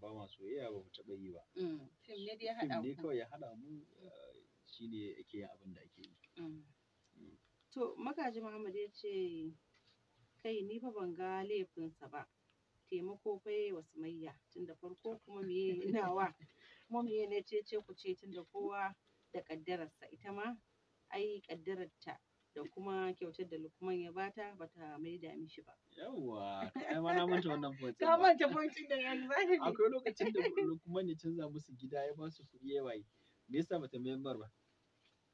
ba ma soyayya ba mu taɓa yi ba fim ne dai ya haɗa mu kawai ya haɗa mu eh, ne yake yin abin da ake yi to makaji Muhammad ya ce kai ni fa ban ga laifinsa ba taimako bai wa sumayya tun da farko kuma meye nawa kuma meye ne ce ce ku ce tun da kowa da kaddararsa ita ma ai kaddararta da kuma kyautar da lukman ya bata bata mai da mishi ba yawwa kai ma na manta wannan point ka manta point da yanzu akwai lokacin da lukman ya canza musu gida ya ba su kuɗi ya waye me yasa bata member ba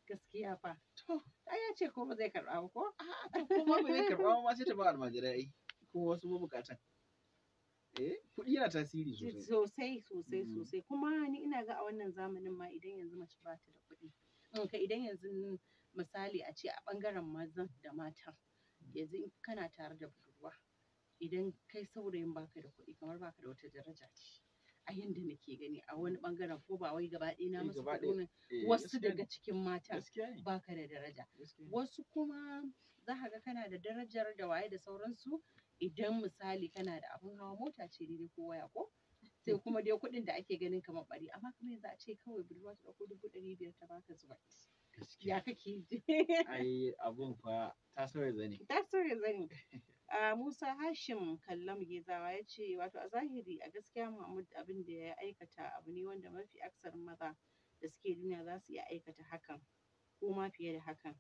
gaskiya fa to ai ya ce ko ba zai karɓa ba ko a'a to kuma ba zai karɓa ba ma sai ta ba almajirai kuma wasu mabukatan Eh, kuɗi yana tasiri sosai sosai sosai mm. sosai kuma ni ina ga a wannan zamanin ma idan yanzu mace ba ta da kuɗi ka idan yanzu misali a ce a ɓangaren mazan da matan mm. yanzu in kana tare da budurwa idan kai saurayin baka da kuɗi kamar baka da wata daraja ce a yanda nake gani a wani ɓangaren ko ba wai gaba ɗaya na eh, musu kuɗi eh, wasu daga cikin mata baka da daraja wasu kuma za ka ga kana da darajar da waye da sauransu idan misali kana da abun hawa mota ce dai ko waya ko sai hmm. kuma dai kuɗin da ake ganin kamar bari amma kuma yanzu a ce kawai budurwa ta ɗauko dubu ɗari biyar ta baka zuba ya kake ji ai abun fa ta sauya zani ta sauya zani a Musa Hashim Kallam Gezawa ya ce wato a zahiri a gaskiya Muhammad abin da ya aikata abu ne wanda mafi aksarin maza da suke duniya za su iya aikata hakan ko ma fiye da hakan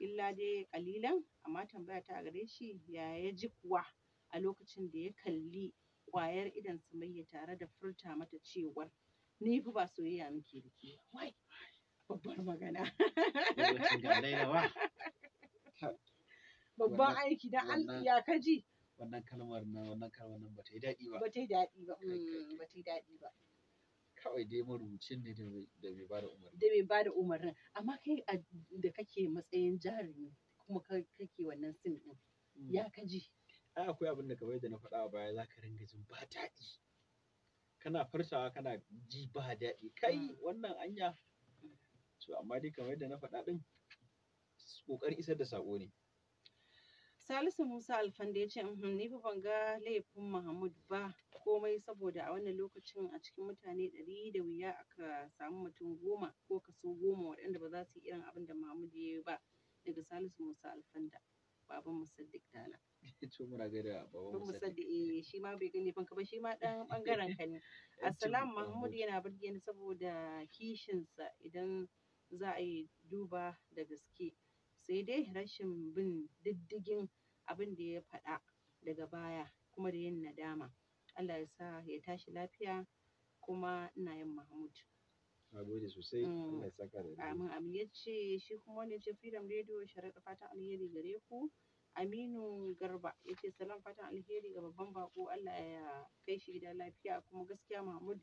illa dai ƙalilan amma tambaya ta gare shi ya ya ji kuwa a lokacin da ya kalli ƙwayar idon sumayya tare da furta mata cewar ni fa ba soyayya muke da ke wai babbar magana babban aiki dan an ya kaji wannan kalmar na wannan kalmar nan bata yi daɗi ba bata yi daɗi ba mm, bata yi daɗi ba kawai dai marubucin ne da bai bada umarni da bai bada umarnin amma kai da kake matsayin jarumi kuma kake wannan sin din hmm. ya kaji ai akwai abin da kamar yadda na faɗa a baya zaka ringa jin ba daɗi kana farsawa kana ji ba daɗi kai hmm. wannan anya to amma dai kamar yadda na faɗa din ƙoƙarin isar da saƙo ne Salisu Musa alfande ya ce uhm, ni fa ban ga laifin Mahmud ba komai saboda a wannan lokacin a cikin mutane ɗari da wuya aka samu mutum goma ko kaso goma waɗanda ba za su yi irin abin da Mahmud ya yi ba daga Salisu Musa Alfan baban Musaddiq Dala. To muna gaida baban Musaddiq. Eh shi ma bai gani fanka ba shi ma ɗan ɓangaren ka ne. Assalam Mahmud yana burge ni saboda kishinsa idan za a yi duba da gaske. sai dai rashin bin diddigin abin da ya faɗa daga baya kuma da yin nadama Allah ya sa ya tashi lafiya kuma ina yin Mahmud. Nagode sosai mm. Allah ya saka da Amin amin yace shi kuma wanda ya ce Freedom Radio sharaɗa fatan alheri gare ku. Aminu Garba yace ce salam fatan alheri ga babban bako Allah ya kai shi gida lafiya kuma gaskiya Mahmud.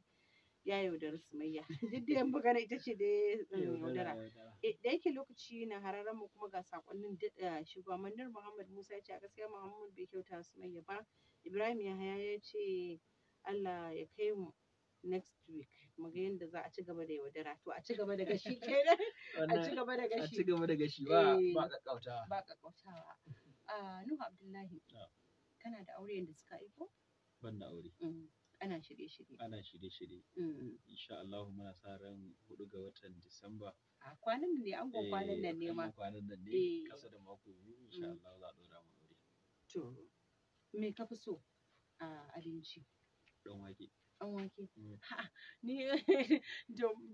ya yaudari sumayya duk da magana ita ce da eh, yaudara eh, da yake lokaci na hararren mu kuma ga sakonnin eh, shugaban muhammad musa ya ce a gaskiya muhammad bai kyauta sumayya ba ibrahim yahaya ya ce allah ya kai mu next week mu ga yadda za a ci gaba da yaudara to a ci gaba da gashi kenan a ci gaba da gashi a ci gaba da gashi ba ba kakkautawa ba kakkautawa ah, nuhu abdullahi ah. kana da aure da suka aiko ban da aure mm. ana shirye-shirye ana shirye-shirye mm. insha Allah muna sa ran hudu ga watan Disamba a kwanan ne an eh, kwanan nan ne ma kwanan nan ne kasa eh. da mako biyu insha mm. Allah za a dora mu aure to me ka fi so a abinci dan wake dan wake mm. ha ni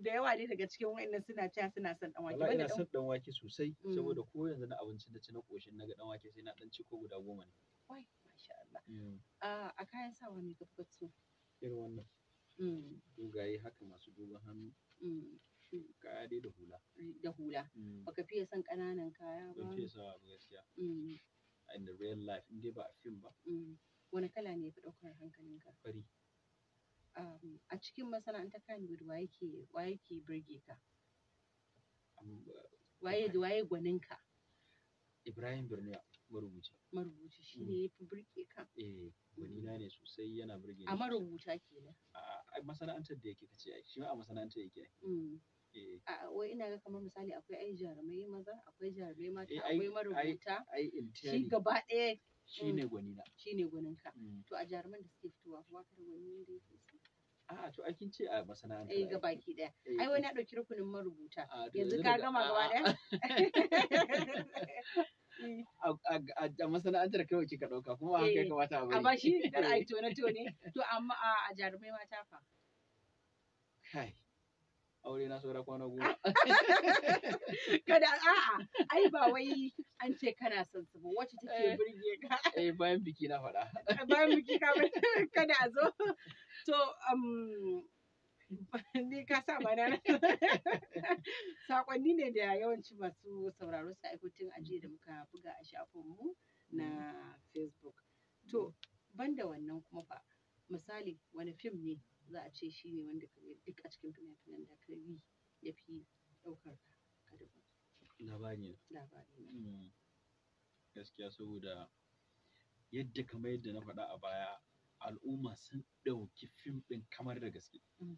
da yawa ne daga cikin wayannan suna cewa suna son dan wake wallahi ina son dan wake sosai saboda ko yanzu na abincin da ci na koshin naga dan wake sai na dan ci ko guda goma ne wai masha Allah a kayan sawa ne ka fi so irin wannan mm. dogaye haka masu dogon hannu mm. kaya dai da hula da hula mm. baka fiye son kananan kaya ba ban fiye sawa ba gaskiya in the real life in dai ba a fim ba wani kala ne ya fi hankalin ka fari um, a cikin masana'anta masana'antar Kannywood wa yake wa yake burge ka waye waye ka Ibrahim Birniya Marubuci. Marubuci shi ne mm. ya fi ka. Eh, gwanina ne sosai yana burge A marubuta kenan. A masana'antar da yake kace shi ma a masana'antar yake mm. eh. A wai ina ga kamar misali akwai ai jarumai maza, akwai jarumai mata, eh, akwai marubuta. Ai Shi gaba ɗaya. Shi ne mm. Shi ne gwaninka. To a jaruman da suke fitowa kuma kar gwani yake A'a to ai ce a masana'anta. Eh gaba ki daya. Eh, ai na ɗauki rukunin marubuta. Yanzu ka gama gaba daya. Eh. a masana'antar kai kawai ka ɗauka kuma haka ya eh, kamata a bai. Amma shi da ai tone tone to amma a jarumai mata fa. Kai. Aure na saura kwana goma. Kada a'a ai ba wai an ce kana son su ba wacce take eh. burge ka. Eh bayan biki na faɗa. Bayan biki ka kada a zo. To um, Ni ka sa bana sakonni ne da yawanci masu sauraro su aiko tun ajiye da muka buga a shafinmu na facebook to banda wannan kuma fa misali wani fim ne za a ce shi ne wanda duk a cikin fina-finan da ka yi ya fi ɗaukar ka da labari labari hmm. gaskiya saboda yadda kamar yadda na faɗa a baya al'umma sun ɗauki fim ɗin kamar da gaske mm.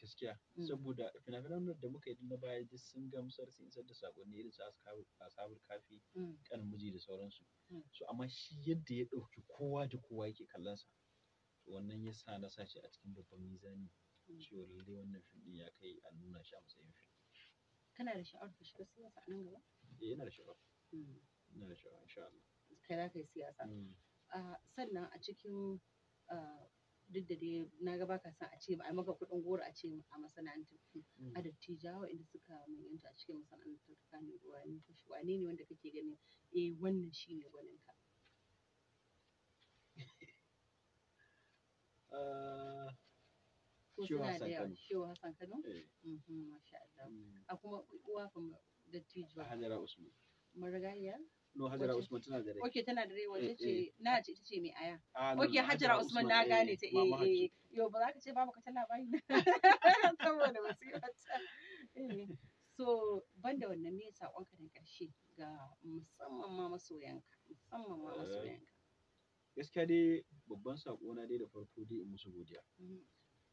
gaskiya mm. saboda fina-finan da muka yi na baya duk sun gamsar sun isar da sakonni irin su ashabul kafi mm. kan miji da sauransu mm. so amma shi yadda ya ɗauki kowa da kowa yake kallon sa wannan ya sa na sace a cikin babban mizani cewa lallai wannan fim din ya kai a nuna shi a matsayin fim kana da sha'awar ka shiga siyasa a nan gaba eh yana da sha'awar ina da sha'awar insha Allah kai za ka yi siyasa ah, sannan a cikin ah, duk da dai na ga baka san a ce ba a maka kuɗin goro a ce a masana'antar mm. a dattijawa inda suka manyanta a cikin masana'antar kane wani wane ne wanda kake ganin eh wannan shi ne gwanin ka ah, Shehu no hajara usman tana da rai okay tana da rai wace eh, ce eh. na ce ita ce mai aya ah, okay hajara usman na eh, gane ta eh eh yo ba za ka ce babu ka ta labari saboda wasiyar so banda wannan me sakonka da karshe ga musamman ma masoyanka musamman ma masoyanka gaskiya dai babban sako na dai da farko dai in musu godiya mm-hmm.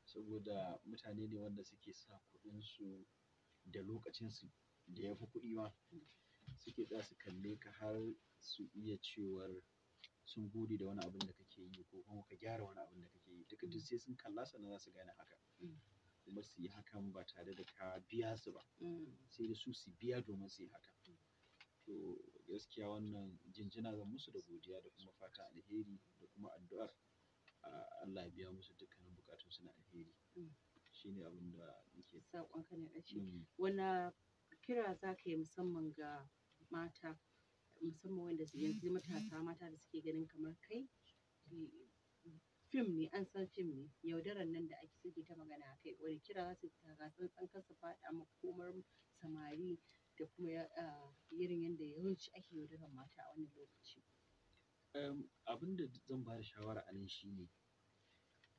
saboda mutane ne wanda suke sa kuɗinsu da lokacinsu da ya fi kuɗi ma suke tsaya su kalle ka har su iya cewar sun gode da wani abin da kake yi ko kuma ka gyara wani abin da kake yi duka duk sai sun kalla sannan za su gane haka mm. kuma su yi hakan ba tare da ka biya su ba mm. sai da su su biya domin su yi haka mm. to gaskiya wannan jinjina zan musu da godiya da kuma fata alheri da kuma addu'ar Allah ya biya musu dukkanin bukatun su na alheri shine abin da nake sakon ka ne kira zaka yi musamman ga mata musamman wanda yanzu matasa mata da suke ganin kamar kai fim ne an san fim ne yaudarar nan da ake suke ta magana kai wani kira za su taka tsantsan kar su faɗa makomar samari da kuma irin yadda yawanci ake yaudaran mata a wannan lokaci. Abinda zan ba da shawara a shine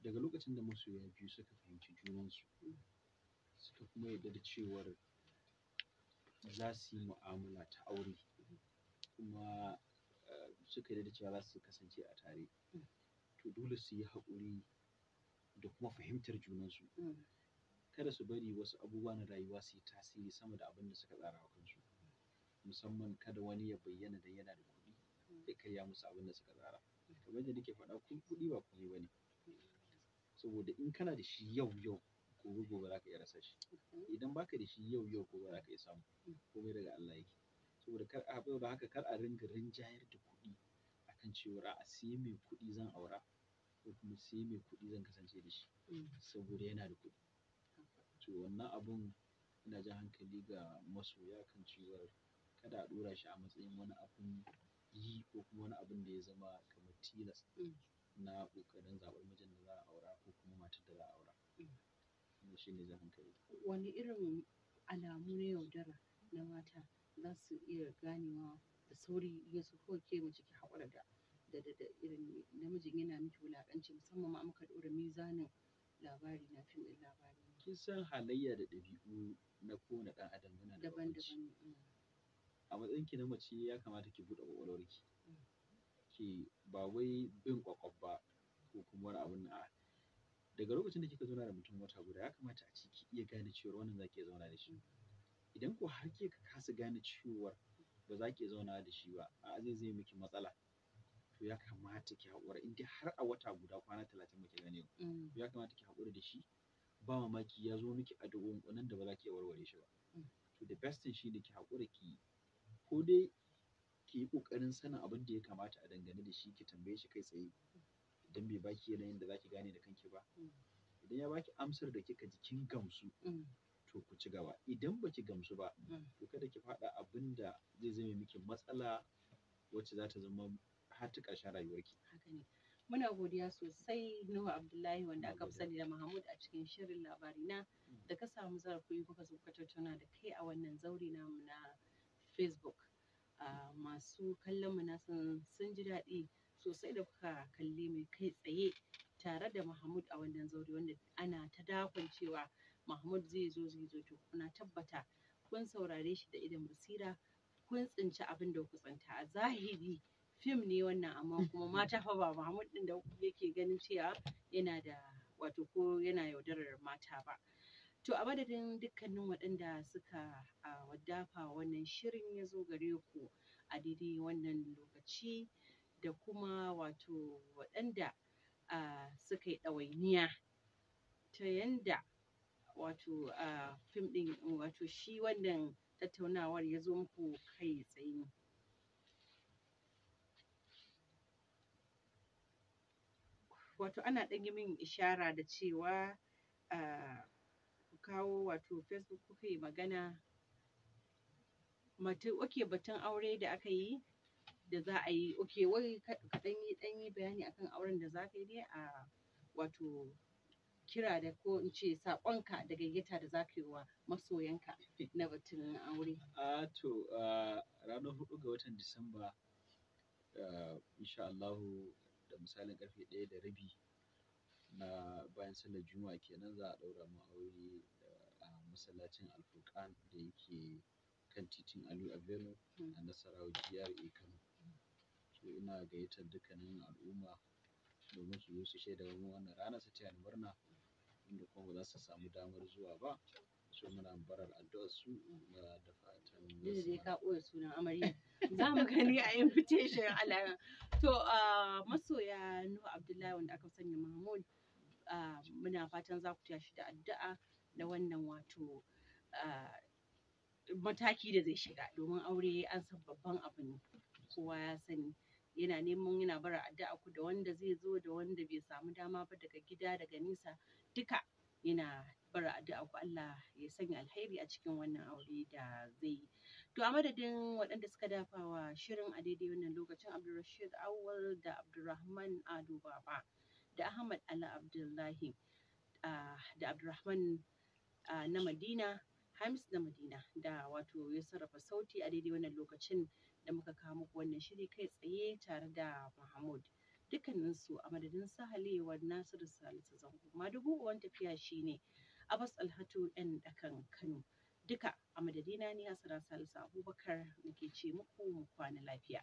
daga lokacin da masoya biyu suka fahimci junansu mm. suka kuma yarda da cewar za su yi mu'amala ta aure kuma eh, suka yi da cewa za su kasance a tare to dole su yi haƙuri da kuma fahimtar junansu kada su bari wasu abubuwa na rayuwa su yi tasiri sama da abin da suka tsara wa kansu musamman kada wani ya bayyana da yana da kuɗi ya karya musu abin da suka tsara kamar da nake faɗa kuɗi ba komai ba ne saboda in kana da shi yau yau gobe gobe za ka iya rasa shi idan baka da shi yau yau gobe za ka iya samu komai daga Allah yake saboda kar a da haka kar a ringa rinjayar da kuɗi akan cewa a sai mai kuɗi zan aura ko kuma sai mai kuɗi zan kasance da shi saboda yana da kuɗi to wannan abun ina jan hankali ga masoya kan cewa kada a ɗora shi a matsayin wani abun yi ko kuma wani abun da ya zama kamar tilas mm. na ƙoƙarin zaɓar mijin da za a aura ko kuma matar da za a aura hankali wani irin alamu na yaudara na mata za su iya ganewa da sauri ya su kawai ke mace ki haƙura da da da irin namijin yana miki wulaƙanci musamman ma muka ɗora mizanin labari na fim ɗin labari kin san halayya da ɗabi'u na kowane ɗan adam yana da daban-daban mm. a matsayin ki na mace ya kamata ki buɗe ƙwaƙwalwarki mm. ki ba wai bin ƙwaƙwaf ba ko kuma wani abun a'a daga lokacin da kika zauna da mutum wata guda ya kamata a ce ki iya gane cewar wannan zaki ki zauna da shi idan ko har ke ka kasa gane cewar ba za ki zauna da shi ba a zai zai miki matsala to ya kamata ki haƙura in dai har a wata guda kwana talatin ba ki gane mm. to ya kamata ki haƙura da shi ba mamaki ya zo miki a dogon da ba za ki warware shi ba mm. to the best thing shi ne ki haƙura ki ko dai ki yi ƙoƙarin sanin abin da ya kamata a dangane da shi ki tambaye shi kai tsaye idan bai baki yanayin da zaki gane da kanki ba mm. idan ya baki amsar da kika ji kin gamsu mm. to ku ci gaba idan baki gamsu ba mm. to kada ki faɗa abin da zai zame miki matsala wacce za ta zama har ta ƙarshen rayuwarki muna godiya sosai Nuhu Abdullahi wanda aka fi sani da Mahmud a cikin shirin labari na da ka samu zarafi kuka zo kuka tattauna da kai a wannan zauri namu na Facebook ah, masu kallon mu na sun ji daɗi sosai da kuka kalle mai kai tsaye tare da Mahmud a wannan zaure wanda ana ta dakon cewa Mahmud zai zo zai zo to kuna tabbata kun saurare shi da idan basira kun tsinci abin da ku tsinta a zahiri fim ne wannan amma kuma mata fa ba Mahmud ɗin da yake ganin cewa yana da wato ko yana yaudarar mata ba to a madadin dukkanin waɗanda suka waddafa wannan shirin ya zo gare ku a daidai wannan lokaci da kuma wato waɗanda uh, suka yi ɗawainiya ta yanda wato uh, fim ɗin wato shi wannan tattaunawar ya zo muku kai tsaye wato ana ɗan min ishara da cewa ku kawo wato facebook kuka yi magana Mata okay, batun aure da aka yi da za a yi ok wai ka ɗan yi ɗan yi bayani akan auren da za ka yi dai a wato kira da ko in ce saƙonka da gayyata da za ka yi wa masoyanka na batun aure. a to ranar hudu ga watan disamba insha Allahu da misalin karfe ɗaya da rabi na bayan sallar juma'a kenan za a ɗaura mu aure a masallacin alfurkan da yake kan titin alu bello a hmm. nasarawa gra kano to ina gayyatar dukkanin al'umma domin su zo su shaida min wannan rana su ce ni murna inda kuma ba za su samu damar zuwa ba su muna barar addu'ar su da fatan yanzu dai ka ɓoye sunan amarya za mu gani a invitation alaya to masoya nuhu abdullahi wanda aka sanya mahmud muna fatan za ku taya shi da addu'a da wannan wato mataki da zai shiga domin aure an san babban abu ne kowa ya sani yana neman yana bara addu'a ku da wanda zai zo da wanda bai samu dama ba daga gida daga nisa duka yana bara addu'a ku Allah ya sanya alheri a cikin wannan aure da zai yi to a madadin waɗanda suka dafawa shirin a daidai wannan lokacin Abdulrashid Awwal da Abdulrahman Ado Baba da Ahmad Ala Abdullahi da Abdulrahman na Madina Hamis na Madina da wato ya sarrafa sauti a daidai wannan lokacin da muka kawo muku wannan shiri kai tsaye tare da Mahmud. Dukkaninsu a madadin sahalewar Nasiru Salisu Zango. ma uwan tafiya shine Abbas Alhatu ɗan ɗakan Kano. Duka a madadina ne Salisu Abubakar nake ce muku mu kwana lafiya.